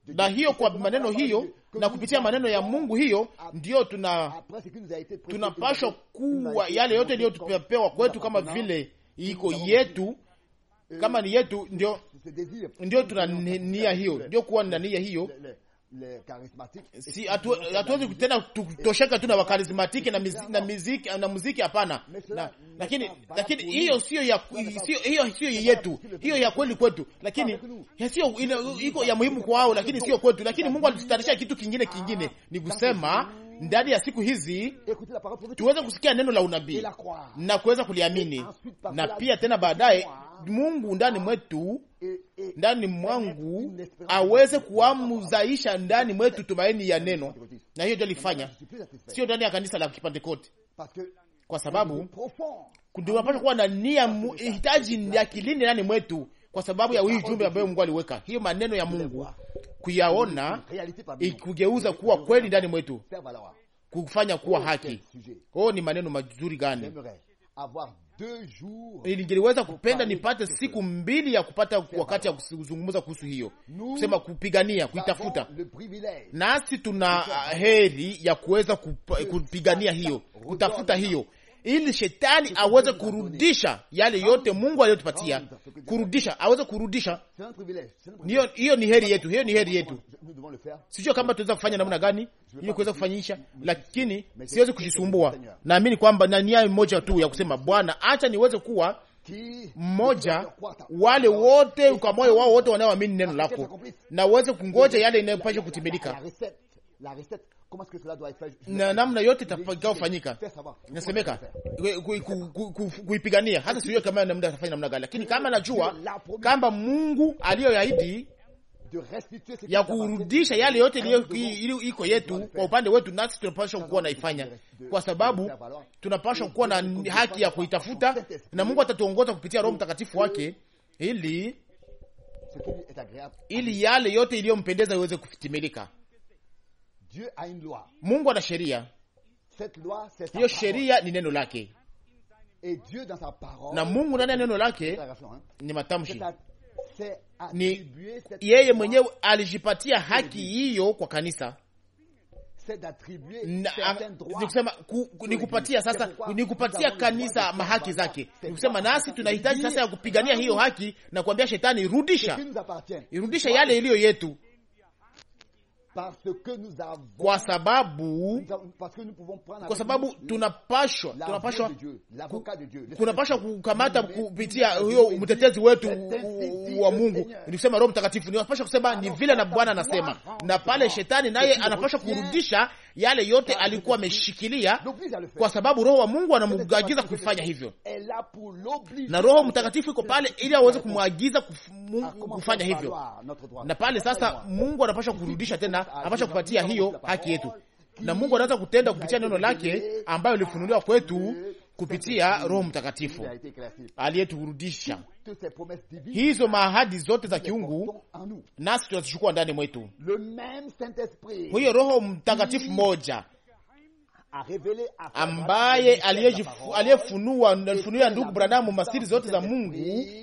na hiyo kwa maneno hiyo na kupitia maneno ya Mungu hiyo ndiyo tuna tunapashwa kuwa yale yote iliyotupewa kwetu, kama vile iko yetu, kama ni yetu, ndio ndio tuna nia hiyo, ndio kuwa na nia hiyo Si hatuwezi tena kutosheka tu na wakarismatiki na muziki na muziki na muziki, hapana. Lakini lakini hiyo sio ya sio hiyo sio yetu, hiyo ya kweli kwetu, lakini sio iko ya muhimu kwao, lakini sio kwetu. Lakini Mungu alitustarisha kitu kingine ah, kingine, ni kusema ndani ya siku hizi tuweze kusikia neno la unabii na kuweza kuliamini, na pia tena baadaye Mungu ndani mwetu, ndani mwangu, aweze kuamuzaisha ndani mwetu tumaini ya eh, neno, eh, eh, na hiyo ndio alifanya, sio ndani ya kanisa la Kipentekoste, kwa sababu tunapaswa kuwa na nia hitaji ya kilindi ndani mwetu, kwa sababu ya hii jumbe ambayo Mungu aliweka hiyo maneno ya Mungu kuyaona, ikugeuza kuwa kweli ndani mwetu, kufanya kuwa oh, haki. Oh, ni maneno mazuri gani ningeliweza kupenda nipate siku mbili ya kupata wakati ya kuzungumza kuhusu hiyo kusema, kupigania kuitafuta, nasi tuna heri ya kuweza kupigania hiyo, kutafuta hiyo, ili shetani aweze kurudisha yale yote Mungu aliyotupatia, kurudisha, aweze kurudisha. Hiyo hiyo ni heri yetu, hiyo ni heri yetu. Sijua kama tunaweza kufanya namna gani ili kuweza kufanyisha, lakini siwezi kujisumbua. Naamini kwamba na nia moja tu ya kusema, Bwana, acha niweze kuwa mmoja wale wote kwa moyo wao wote wanaoamini neno lako, na uweze kungoja yale inayopasha kutimilika na namna yote itakaofanyika inasemeka kuipigania, hata sio kama namna atafanya namna gani, lakini kama najua kama Mungu aliyoahidi ya kurudisha yale yote iko yetu kwa upande wetu, nasi tunapaswa kuwa naifanya, kwa sababu tunapaswa kuwa na haki ya kuitafuta, na Mungu atatuongoza kupitia Roho Mtakatifu wake ili ili yale yote iliyompendeza iweze kutimilika. Mungu ana sheria, hiyo sheria ni neno lake, na Mungu ndani ya neno lake ni matamshi ni yeye mwenyewe alijipatia haki hiyo kwa kanisa, nikusema kupatia sasa, kupatia kanisa mahaki zake, nikusema nasi tunahitaji sasa ya kupigania hiyo haki na kuambia shetani, rudisha, irudisha yale iliyo yetu kwa sababu kwa sababu tunapashwa tunapashwa kunapashwa kukamata kupitia huyo mtetezi wetu wa Mungu, nikusema Roho Mtakatifu ninapashwa kusema ni vile na Bwana anasema, na pale shetani naye anapashwa kurudisha yale yote alikuwa ameshikilia, kwa sababu Roho wa Mungu anamuagiza kufanya hivyo, na Roho Mtakatifu iko pale ili aweze kumwagiza ah, kufanya hivyo. Na pale sasa Mungu anapashwa kurudisha tena ambacho kupatia hiyo haki yetu, na Mungu anaweza kutenda kupitia neno lake ambayo ilifunuliwa kwetu kupitia Roho Mtakatifu aliyeturudisha. Hizo maahadi zote za kiungu nasi tunazichukua ndani mwetu, huyo hiyo Roho Mtakatifu moja ambaye aliyefunua alifunua ndugu Branamu masiri zote za Mungu.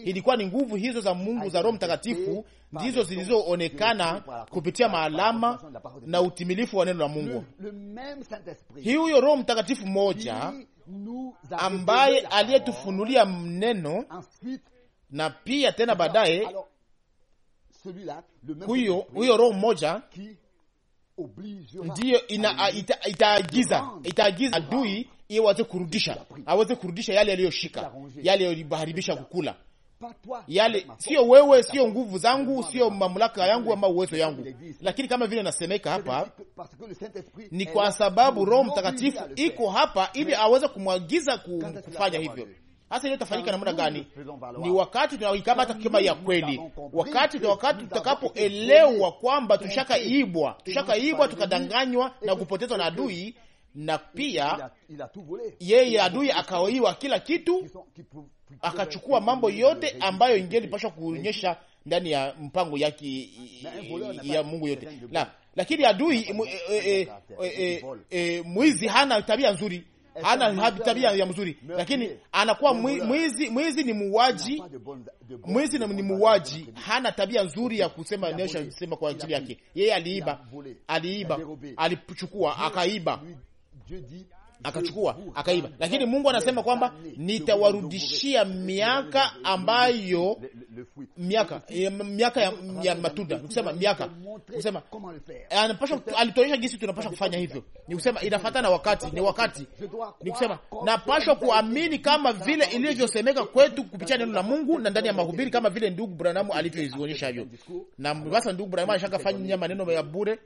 Ilikuwa ni nguvu hizo za Mungu za Roho Mtakatifu ndizo zilizoonekana kupitia maalama na utimilifu wa neno la Mungu. Hii huyo Roho Mtakatifu mmoja ambaye aliyetufunulia neno na pia tena baadaye huyo huyo Roho mmoja ndiyo itaagiza itaagiza adui iye waweze kurudisha, aweze kurudisha yale yaliyoshika, yale yaliyoharibisha kukula yale. Sio wewe, sio nguvu zangu, sio mamlaka yangu ama uwezo yangu, lakini kama vile nasemeka hapa, ni kwa sababu Roho Mtakatifu iko hapa ili aweze kumwagiza kufanya hivyo. Hasa ile itafanyika namna gani? Ni wakati tunaikamata kama ya kweli, wakati wakati tutakapoelewa kwamba tushakaibwa, tushakaibwa, tukadanganywa na kupotezwa na adui, na pia yeye adui akawaiwa kila kitu, akachukua mambo yote ambayo ingelipashwa kuonyesha ndani ya mpango yake ya Mungu yote na, lakini adui e- e- e- mwizi hana tabia nzuri hana tabia ya mzuri, lakini anakuwa mwizi. Mwizi ni muuaji, mwizi ni muuaji, hana tabia nzuri ya kusema nesha sema kwa ajili yake. Yeye aliiba, aliiba, alichukua, akaiba akachukua akaiba, lakini Mungu anasema kwamba nitawarudishia miaka ambayo miaka miaka ya, ya matunda nikusema miaka kusema anapasha alituonyesha jinsi tunapasha kufanya hivyo, nikusema inafuata na wakati ni wakati nikusema napasha kuamini kama vile ilivyosemeka kwetu kupitia neno la Mungu na ndani ya mahubiri kama vile ndugu Branham alivyoionyesha hivyo, na sasa ndugu Branham ashakafanya maneno ya bure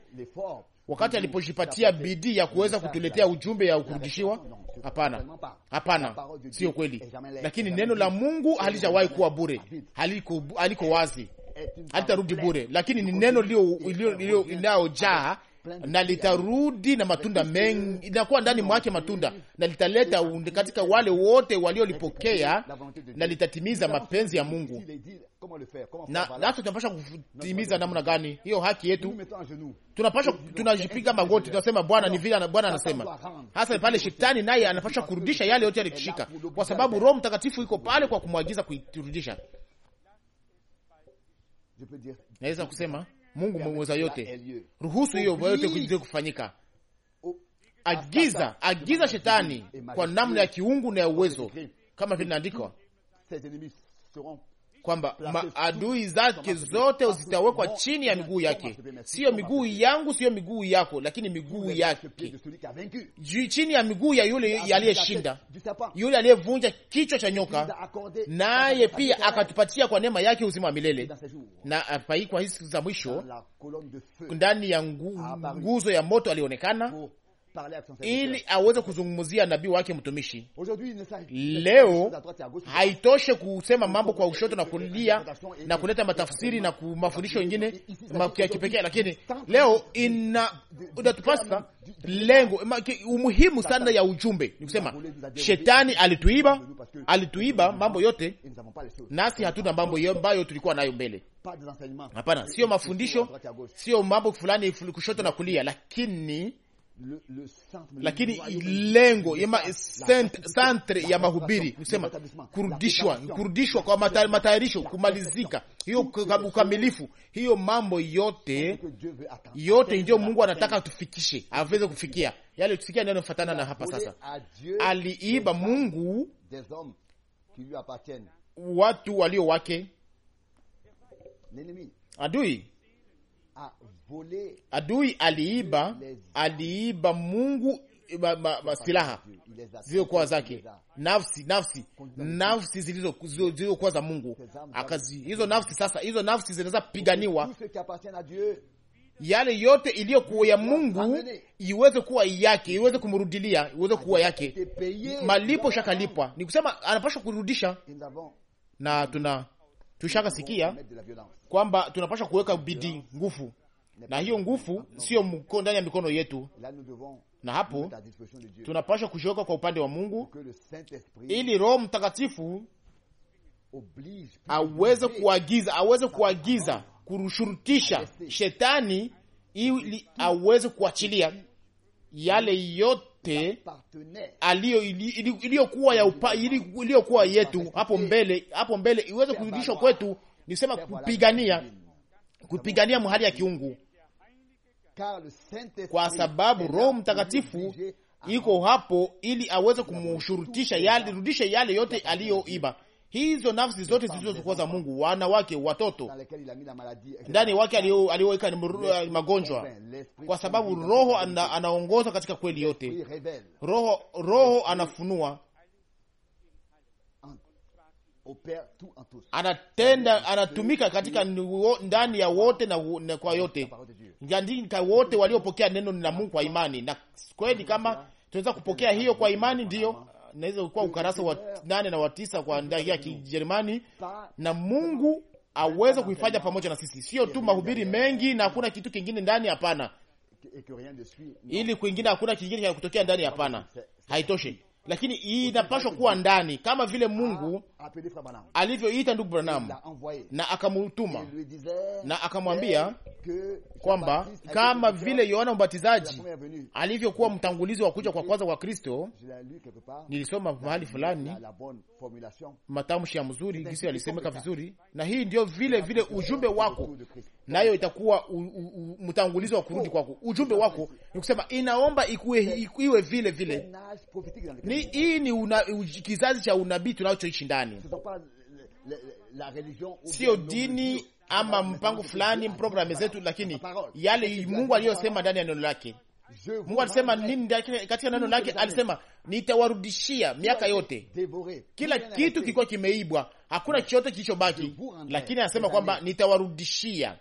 wakati alipojipatia bidii ya kuweza kutuletea ujumbe ya kurudishiwa? Hapana, hapana, sio kweli. Lakini neno la Mungu halijawahi kuwa bure, haliko, haliko wazi, halitarudi bure, lakini ni neno iliyojaa na litarudi na matunda mengi, inakuwa ndani mwake matunda, na litaleta katika wale wote waliolipokea, na litatimiza mapenzi ya Mungu. Na nacho tunapasha kutimiza namna gani hiyo haki yetu? Tunapasha, tunajipiga magoti, tunasema Bwana, ni vile Bwana anasema hasa pale. Shetani naye anapasha kurudisha yale yote alishika, kwa sababu Roho Mtakatifu iko pale kwa kumwagiza kuirudisha. Naweza kusema Mungu mweza yote, ruhusu hiyo yote kuize kufanyika. Agiza, agiza shetani kwa namna ya kiungu na ya uwezo, kama vile inaandikwa kwamba maadui zake zote zitawekwa chini ya miguu yake, siyo miguu yangu, siyo miguu yako, lakini miguu yake, chini ya miguu ya yule aliyeshinda, yule aliyevunja kichwa cha nyoka, naye pia akatupatia kwa neema yake uzima wa milele. Na ah, kwa hii siku za mwisho, ndani ya nguzo ya moto alionekana ili aweze kuzungumzia nabii wake mtumishi. Leo haitoshe kusema mambo kwa ushoto na kulia na kuleta matafsiri na mafundisho mengine ya kipekee, lakini leo ina inatupasa lengo umuhimu sana ya ujumbe ni kusema shetani alituiba, alituiba mambo yote, nasi hatuna mambo ambayo tulikuwa nayo mbele. Hapana, sio mafundisho, sio mambo fulani kushoto na kulia, lakini lakini lengo sentre ya mahubiri kusema kurudishwa, kurudishwa kwa matayarisho, kumalizika hiyo ukamilifu, hiyo mambo yote yote ndio Mungu anataka tufikishe, aweze kufikia yale tusikia neno fatana. Na hapa sasa aliiba Mungu watu walio wake adui Adui aliiba, aliiba Mungu silaha zilizokuwa zake, nafsi nafsi nafsi zilizokuwa za Mungu akazi hizo nafsi. Sasa hizo nafsi zinaweza piganiwa, yale yote iliyokuwa ya Mungu iweze kuwa yake, iweze kumrudilia, iweze kuwa yake. Malipo shakalipwa, ni kusema anapasha kurudisha, na tuna tushakasikia kwamba tunapasha kuweka bidii nguvu na hiyo nguvu siyo ndani ya mikono yetu, na hapo tunapashwa kushoka kwa upande wa Mungu ili Roho Mtakatifu aweze kuagiza, aweze kuagiza kurushurutisha shetani ili aweze kuachilia yale yote iliyokuwa ya iliyokuwa yetu hapo mbele, hapo mbele iweze kurudishwa kwetu, nisema kupigania, kupigania mahali ya kiungu kwa sababu Roho Mtakatifu iko hapo ili aweze kumshurutisha yale, rudishe yale yote aliyoiba hizo nafsi zote zilizokuwa za Mungu, wanawake, watoto ndani wake aliyoweka eh, magonjwa, kwa sababu roho anaongoza katika kweli yote. Roho, roho anafunua anatenda, anatumika katika ndani ya wote na, na kwa yote ndika wote waliopokea neno la Mungu kwa imani. Na kweli kama tunaweza kupokea hiyo kwa imani, ndiyo naweza kuwa ukarasa wa nane na wa tisa kwa ndani ya Kijerumani, na Mungu aweze kuifanya pamoja na sisi, sio tu mahubiri mengi na hakuna kitu kingine ndani, hapana. Ili kwingine hakuna kingine cha kutokea ndani, hapana, haitoshi lakini inapashwa kuwa ndani, kama vile ah, Mungu alivyoita ndugu Branham na akamutuma na akamwambia eh, kwamba kama vile Yohana Mbatizaji alivyokuwa mtangulizi wa kuja kwa kwanza kwa Kristo. Nilisoma mahali fulani matamshi ya mzuri gisi yalisemeka vizuri, na hii ndio vile vile ujumbe wako, nayo itakuwa mtangulizi wa kurudi oh, kwako. Ujumbe wako ni kusema inaomba ikuwe, iwe vile vile. Ni hii ni una, kizazi cha unabii tunachoishi ndani, sio dini ama mpango fulani programu zetu, lakini yale Mungu aliyosema ndani ya neno lake. Mungu alisema nini katika neno lake? Alisema nitawarudishia miaka yote, kila kitu kilikuwa kimeibwa, hakuna chote kilichobaki, lakini anasema kwamba nitawarudishia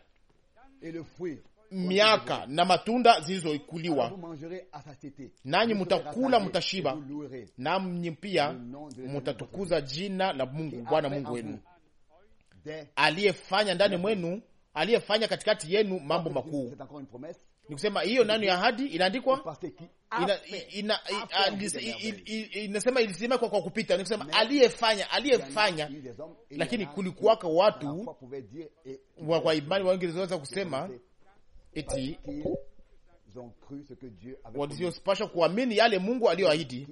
miaka na matunda zilizoikuliwa, nanyi mutakula, mutashiba, nanyi pia mutatukuza jina la Mungu Bwana Mungu wenu aliyefanya ndani mwenu, aliyefanya katikati yenu mambo makuu. Ni kusema hiyo nani ya ahadi inaandikwa ah, inasema ilisimama kwa, kwa kupita. Ni kusema aliyefanya aliyefanya, lakini kulikuwaka watu wa kwa imani wangeweza kusema eti waliopasha kuamini yale Mungu aliyoahidi,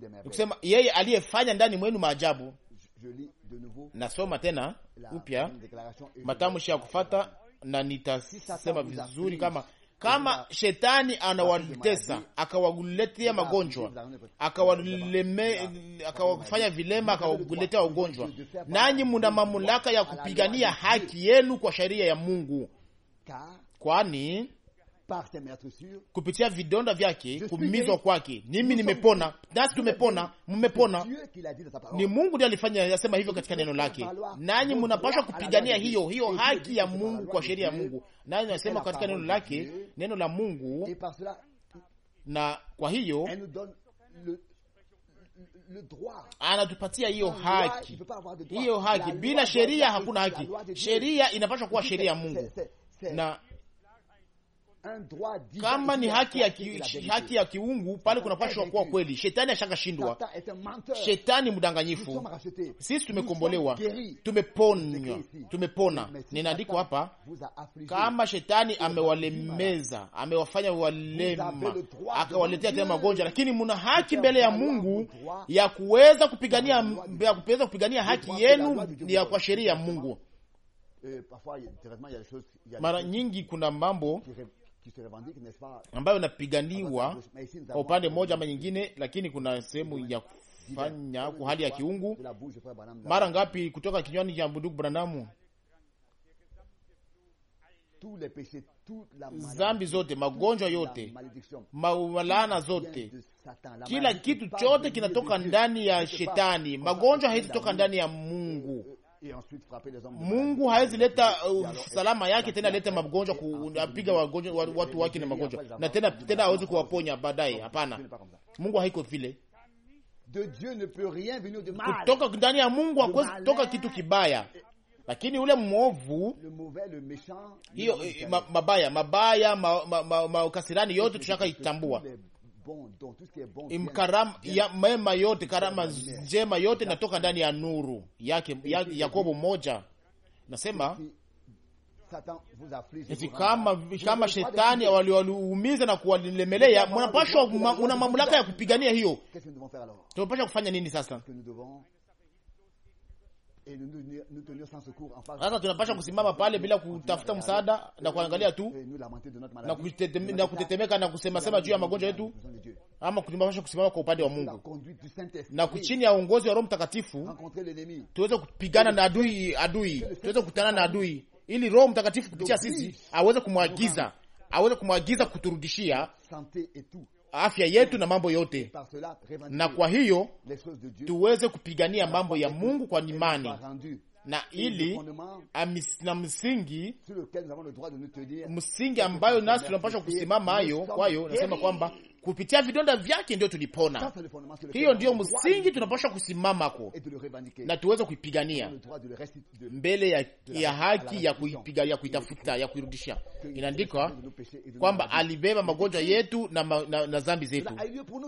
ni kusema yeye aliyefanya ndani mwenu maajabu nasoma tena upya matamshi ya kufata, na nitasema vizuri kama kama shetani anawatesa akawaletea magonjwa akawafanya vilema akawaletea ugonjwa, nanyi muna mamlaka ya kupigania haki yenu kwa sheria ya Mungu, kwani kupitia vidonda vyake, kumizwa kwake, mimi nimepona, nasi tumepona, mmepona. Ni Mungu ndiye alifanya, yasema hivyo katika neno lake, nanyi mnapaswa kupigania hiyo hiyo haki ya Mungu kwa sheria ya Mungu, nanyi nasema katika neno lake, neno la Mungu, na kwa hiyo anatupatia hiyo haki, hiyo haki. Bila sheria hakuna haki. Sheria inapaswa kuwa sheria ya Mungu na kama ni haki ya, ki, haki ya kiungu pale kunapashwa kuwa kweli. Shetani ashangashindwa, shetani mdanganyifu. Sisi tumekombolewa, tumeponywa, tumepona. Ninaandikwa hapa kama shetani amewalemeza, amewafanya walema, akawaletea tena magonjwa, lakini muna haki mbele ya Mungu ya kuweza kupigania, ya kuweza kupigania haki yenu ya kwa sheria ya Mungu. Mara nyingi kuna mambo ambayo inapiganiwa kwa upande mmoja ama nyingine, lakini kuna sehemu ya kufanya kwa hali ya kiungu. Mara ngapi kutoka kinywani cha ndugu Branamu, zambi zote, magonjwa yote, malana zote, kila kitu chote kinatoka ndani ya Shetani. Magonjwa haitotoka ndani ya Mungu euh, Mungu hawezi leta euh, salama yake tena, alete magonjwa, kupiga watu wake na magonjwa, na tena tena hawezi kuwaponya baadaye. Hapana, Mungu haiko vile. Kutoka ndani ya Mungu hakuwezi kutoka kitu kibaya, lakini ule mwovu hiyo mabaya mabaya makasirani yote tushaka itambua mkaram, ya mema yote, karama njema yote inatoka ndani ya nuru yake. Yakobo moja nasema kama, kama shetani waliwaliumiza na kuwalemelea, mnapashwa, una mamlaka ya kupigania hiyo. Tunapashwa kufanya nini sasa? et nous, nous tenir sans secours en face. Sasa tunapasha kusimama pale bila kutafuta msaada na kuangalia tu na kutetemeka na kusema sema juu ya magonjwa yetu, ama tunapasha kusimama kwa upande wa Mungu na chini ya uongozi wa Roho Mtakatifu tuweze kupigana na adui adui, tuweze kukutana na adui ili Roho Mtakatifu kupitia sisi aweze kumwagiza aweze kumwagiza kuturudishia afya yetu na mambo yote, na kwa hiyo tuweze kupigania mambo ya Mungu kwa imani na ili na msingi msingi ambayo nasi tunapasha kusimama ayo kwayo, nasema kwamba kupitia vidonda vyake ndio tulipona. Hiyo ndio msingi kusimama kusimamako na tuweze kuipigania mbele ya, ya haki ya kuipiga, ya kuitafuta, ya kuirudisha. Inaandikwa kwamba alibeba magonjwa yetu na, na, na, zambi zetu.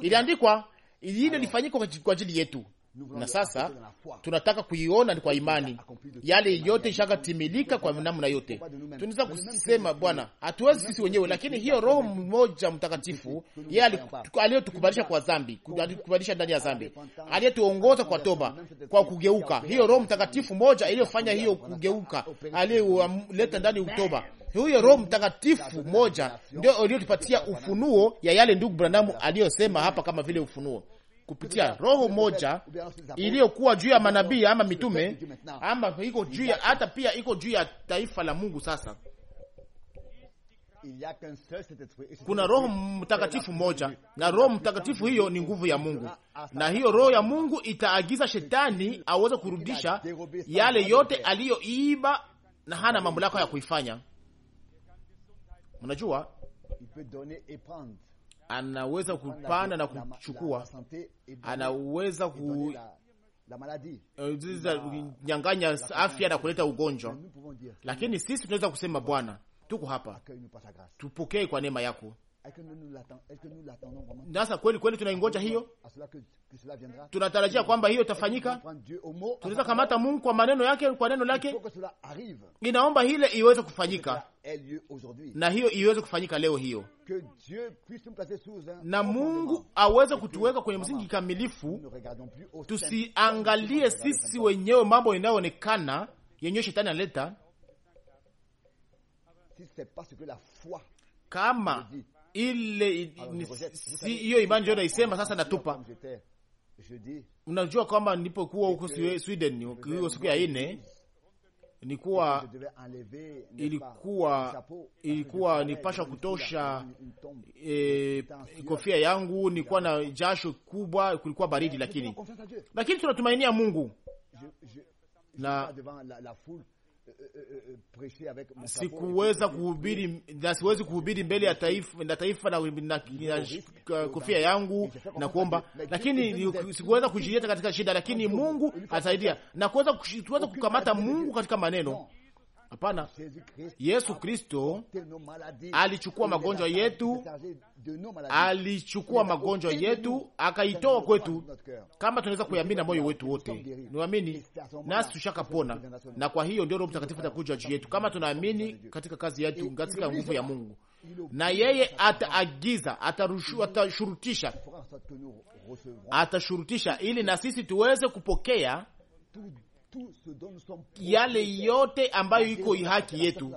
Iliandikwa ili hilo kwa ajili yetu na sasa tunataka kuiona kwa imani yale yote ishakatimilika kwa namna yote. Tunaweza kusema Bwana, hatuwezi sisi wenyewe, lakini hiyo Roho mmoja Mtakatifu yeye aliyotukubalisha kwa dhambi, aliyetukubalisha ndani ya dhambi, aliyetuongoza kwa toba, kwa kugeuka, hiyo Roho Mtakatifu moja iliyofanya hiyo kugeuka, aliyeleta ndani utoba huyo Roho Mtakatifu moja ndio aliyotupatia ufunuo ya yale ndugu Branamu aliyosema hapa, kama vile ufunuo kupitia roho moja iliyokuwa juu ya manabii ama mitume ama iko juu ya hata pia iko juu ya taifa la Mungu. Sasa kuna roho mtakatifu moja, na roho mtakatifu hiyo ni nguvu ya Mungu, na hiyo roho ya Mungu itaagiza shetani aweze kurudisha yale yote aliyoiba, na hana mamlaka ya kuifanya. Mnajua anaweza kupanda na kuchukua, anaweza ku euh, nyang'anya afya na kuleta ugonjwa, lakini sisi tunaweza kusema Bwana, tuko hapa, tupokee kwa neema yako. Sasa kweli kweli tunaingoja hiyo, tunatarajia kwamba hiyo itafanyika. Tunaweza kamata Mungu kwa maneno yake, kwa neno lake. Inaomba hile iweze kufanyika na hiyo iweze kufanyika leo hiyo, na Mungu aweze kutuweka kwenye msingi kikamilifu, tusiangalie sisi wenyewe mambo inayoonekana yenyewe shetani analeta kama ile ah, hiyo ndio naisema sasa, natupa. Unajua kwamba nilipokuwa huko Sweden hiyo siku ya ine nikuwa ilikuwa ilikuwa nipasha kutosha e, kofia yangu, nilikuwa na jasho kubwa, kulikuwa eh, baridi, lakini lakini tunatumainia Mungu na sikuweza kuhubiri na siwezi kuhubiri mbele ya taifa na taifa na, na, na kofia yangu na kuomba, lakini sikuweza kujileta katika shida, lakini Mungu atasaidia na kuweza kukamata Mungu katika maneno Hapana, Yesu Kristo alichukua magonjwa yetu, alichukua magonjwa yetu akaitoa kwetu. Kama tunaweza kuyamini na moyo wetu wote, niamini nasi tushakapona, na kwa hiyo ndio Roho Mtakatifu atakuja juu yetu, kama tunaamini katika kazi yetu, katika nguvu ya Mungu, na yeye ataagiza, atarushu, atashurutisha, atashurutisha ili na sisi tuweze kupokea yale yote ambayo iko haki yetu,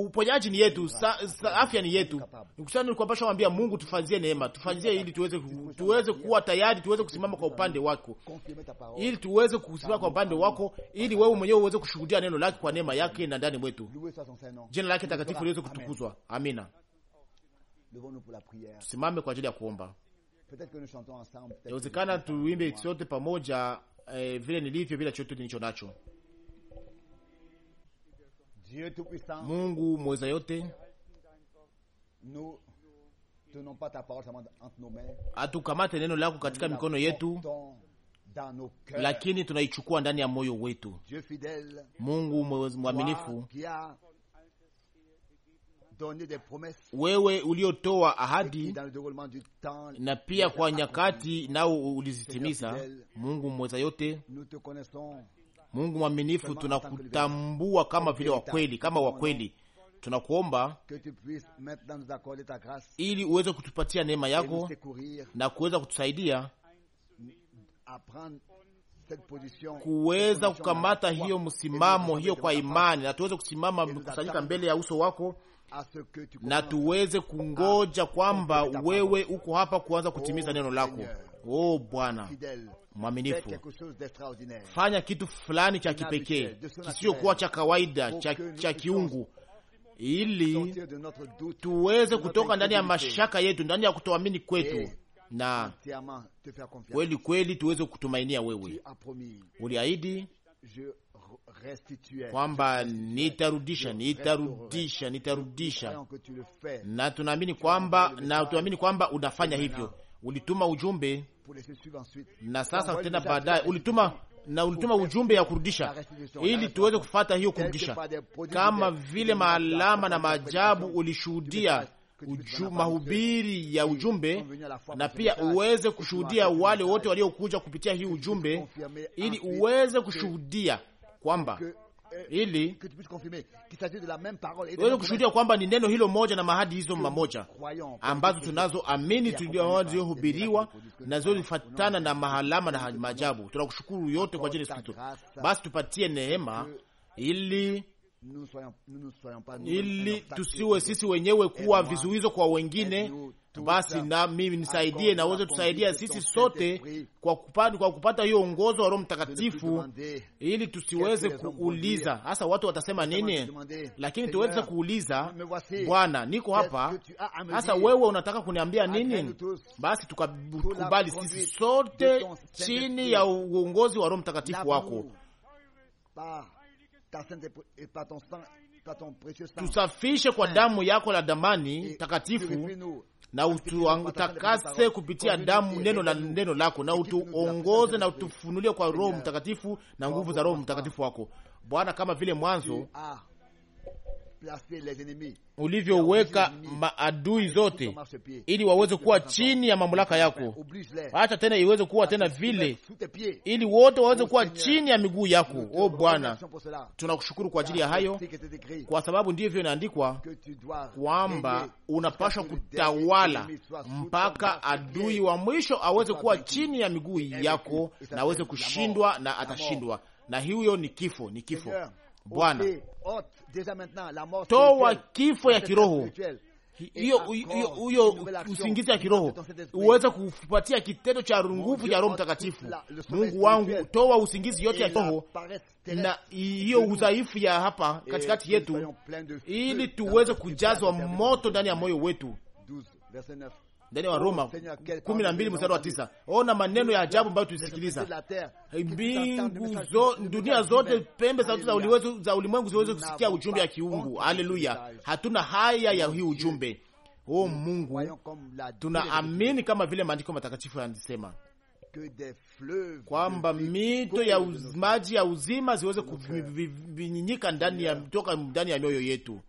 uponyaji ni yetu, afya ni yetu. Nikusana nikuapasha wambia Mungu, tufanzie neema, tufanzie ili tuweze tuweze kuwa tayari, tuweze kusimama kwa upande wako, ili tuweze kusimama kwa upande wako, ili wewe mwenyewe uweze kushuhudia neno lake kwa neema yake na ndani mwetu, jina lake takatifu liweze kutukuzwa. Amina. Tusimame kwa ajili ya kuomba. Yawezekana tuimbe sote pamoja eh, vile nilivyo bila chochote nilicho nacho. Mungu mweza yote, hatukamate neno lako katika mikono yetu, lakini tunaichukua ndani ya moyo wetu. Mungu mwaminifu wewe uliotoa ahadi na pia kwa nyakati nao ulizitimiza. Mungu mweza yote, Mungu mwaminifu, tunakutambua kama vile wakweli, kama wakweli tunakuomba ili uweze kutupatia neema yako na kuweza kutusaidia kuweza kukamata hiyo msimamo hiyo kwa imani, na tuweze kusimama mkusanyika mbele ya uso wako na tuweze kungoja kwamba wewe uko hapa kuanza kutimiza oh, neno lako. Oh Bwana mwaminifu, fanya kitu fulani cha kipekee kisiyokuwa cha kawaida cha, cha kiungu ili tuweze kutoka ndani ya mashaka yetu, ndani ya kutoamini kwetu na kweli kweli tuweze kutumainia wewe. Uliahidi kwamba nitarudisha, nitarudisha, nitarudisha, na tunaamini kwamba na tunaamini kwamba unafanya hivyo. Ulituma ujumbe na sasa tena baadaye ulituma na ulituma ujumbe ya kurudisha ili tuweze kufata hiyo kurudisha, kama vile maalama na maajabu ulishuhudia mahubiri ya ujumbe na pia uweze kushuhudia wale wote waliokuja kupitia hii ujumbe, ili uweze kushuhudia kwamba eh, ili uweze kushuhudia kwamba ni neno hilo moja na mahadi hizo mamoja ambazo tunazo amini tuliohubiriwa na zilizofatana na mahalama na maajabu. Tunakushukuru yote kwa ajili ya Kristo. Basi tupatie neema ili ili tusiwe sisi wenyewe kuwa vizuizo kwa wengine. Basi na mimi nisaidie, naweze tusaidia sisi sote kwa kupata, kwa kupata hiyo uongozo wa Roho Mtakatifu, ili tusiweze kuuliza hasa watu watasema nini, lakini tuweze kuuliza Bwana, niko hapa hasa, wewe unataka kuniambia nini? Basi tukakubali sisi sote chini ya uongozi wa Roho Mtakatifu wako tusafishe kwa damu yako la damani takatifu na ututakase kupitia damu neno la neno lako, na utuongoze na utufunulie kwa Roho Mtakatifu na nguvu za Roho Mtakatifu wako Bwana, kama vile mwanzo ulivyoweka maadui zote ili waweze kuwa chini ya mamlaka yako. Acha tena iweze kuwa tena vile, ili wote waweze kuwa chini ya miguu yako. O oh, Bwana, tunakushukuru kwa ajili ya hayo, kwa sababu ndivyo inaandikwa kwamba unapashwa kutawala mpaka adui wa mwisho aweze kuwa chini ya miguu yako na aweze kushindwa, na atashindwa, na hiyo ni kifo, ni kifo Bwana toa kifo ya kiroho hiyo usingizi ya kiroho uweze kupatia kitendo cha nguvu ya Roho Mtakatifu. Mungu wangu, toa usingizi yote ya kiroho na hiyo udhaifu ya hapa katikati yetu, ili tuweze kujazwa moto ndani ya moyo wetu ndani ya Roma 12 mstari wa 9. Ona maneno ya ajabu ambayo tulisikiliza, mbingu zo, dunia zote, pembe sauti za uliwezo za ulimwengu ziweze kusikia ujumbe ya kiungu. Haleluya! hatuna haya ya hii ujumbe. O oh, Mungu, tunaamini kama vile maandiko matakatifu yanasema kwamba mito ya uz, maji ya uzima ziweze kuvinyinyika ndani ya toka ndani ya mioyo yetu.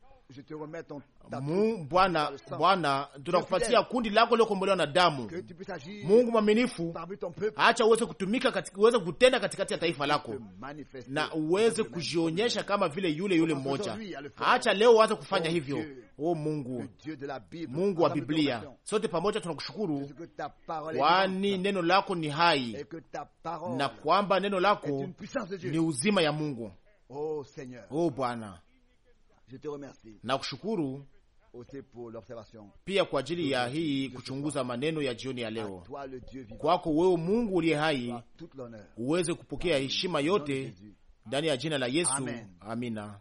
Bwana, Bwana, tunakupatia kundi lako liokombolewa na damu. Mungu mwaminifu, acha uweze kutumika katika, uweze kutenda katikati ya taifa lako na uweze kujionyesha kama vile yule yule mmoja. Acha leo uanze kufanya hivyo. O Mungu, Mungu wa Biblia, sote pamoja tunakushukuru, kwani neno lako ni hai na kwamba neno lako ni uzima ya Mungu. Oh, o Bwana, nakushukuru pia kwa ajili ya hii kuchunguza maneno ya jioni ya leo. Kwako wewe Mungu uliye hai uweze kupokea heshima yote ndani ya jina la Yesu. Amen. Amina.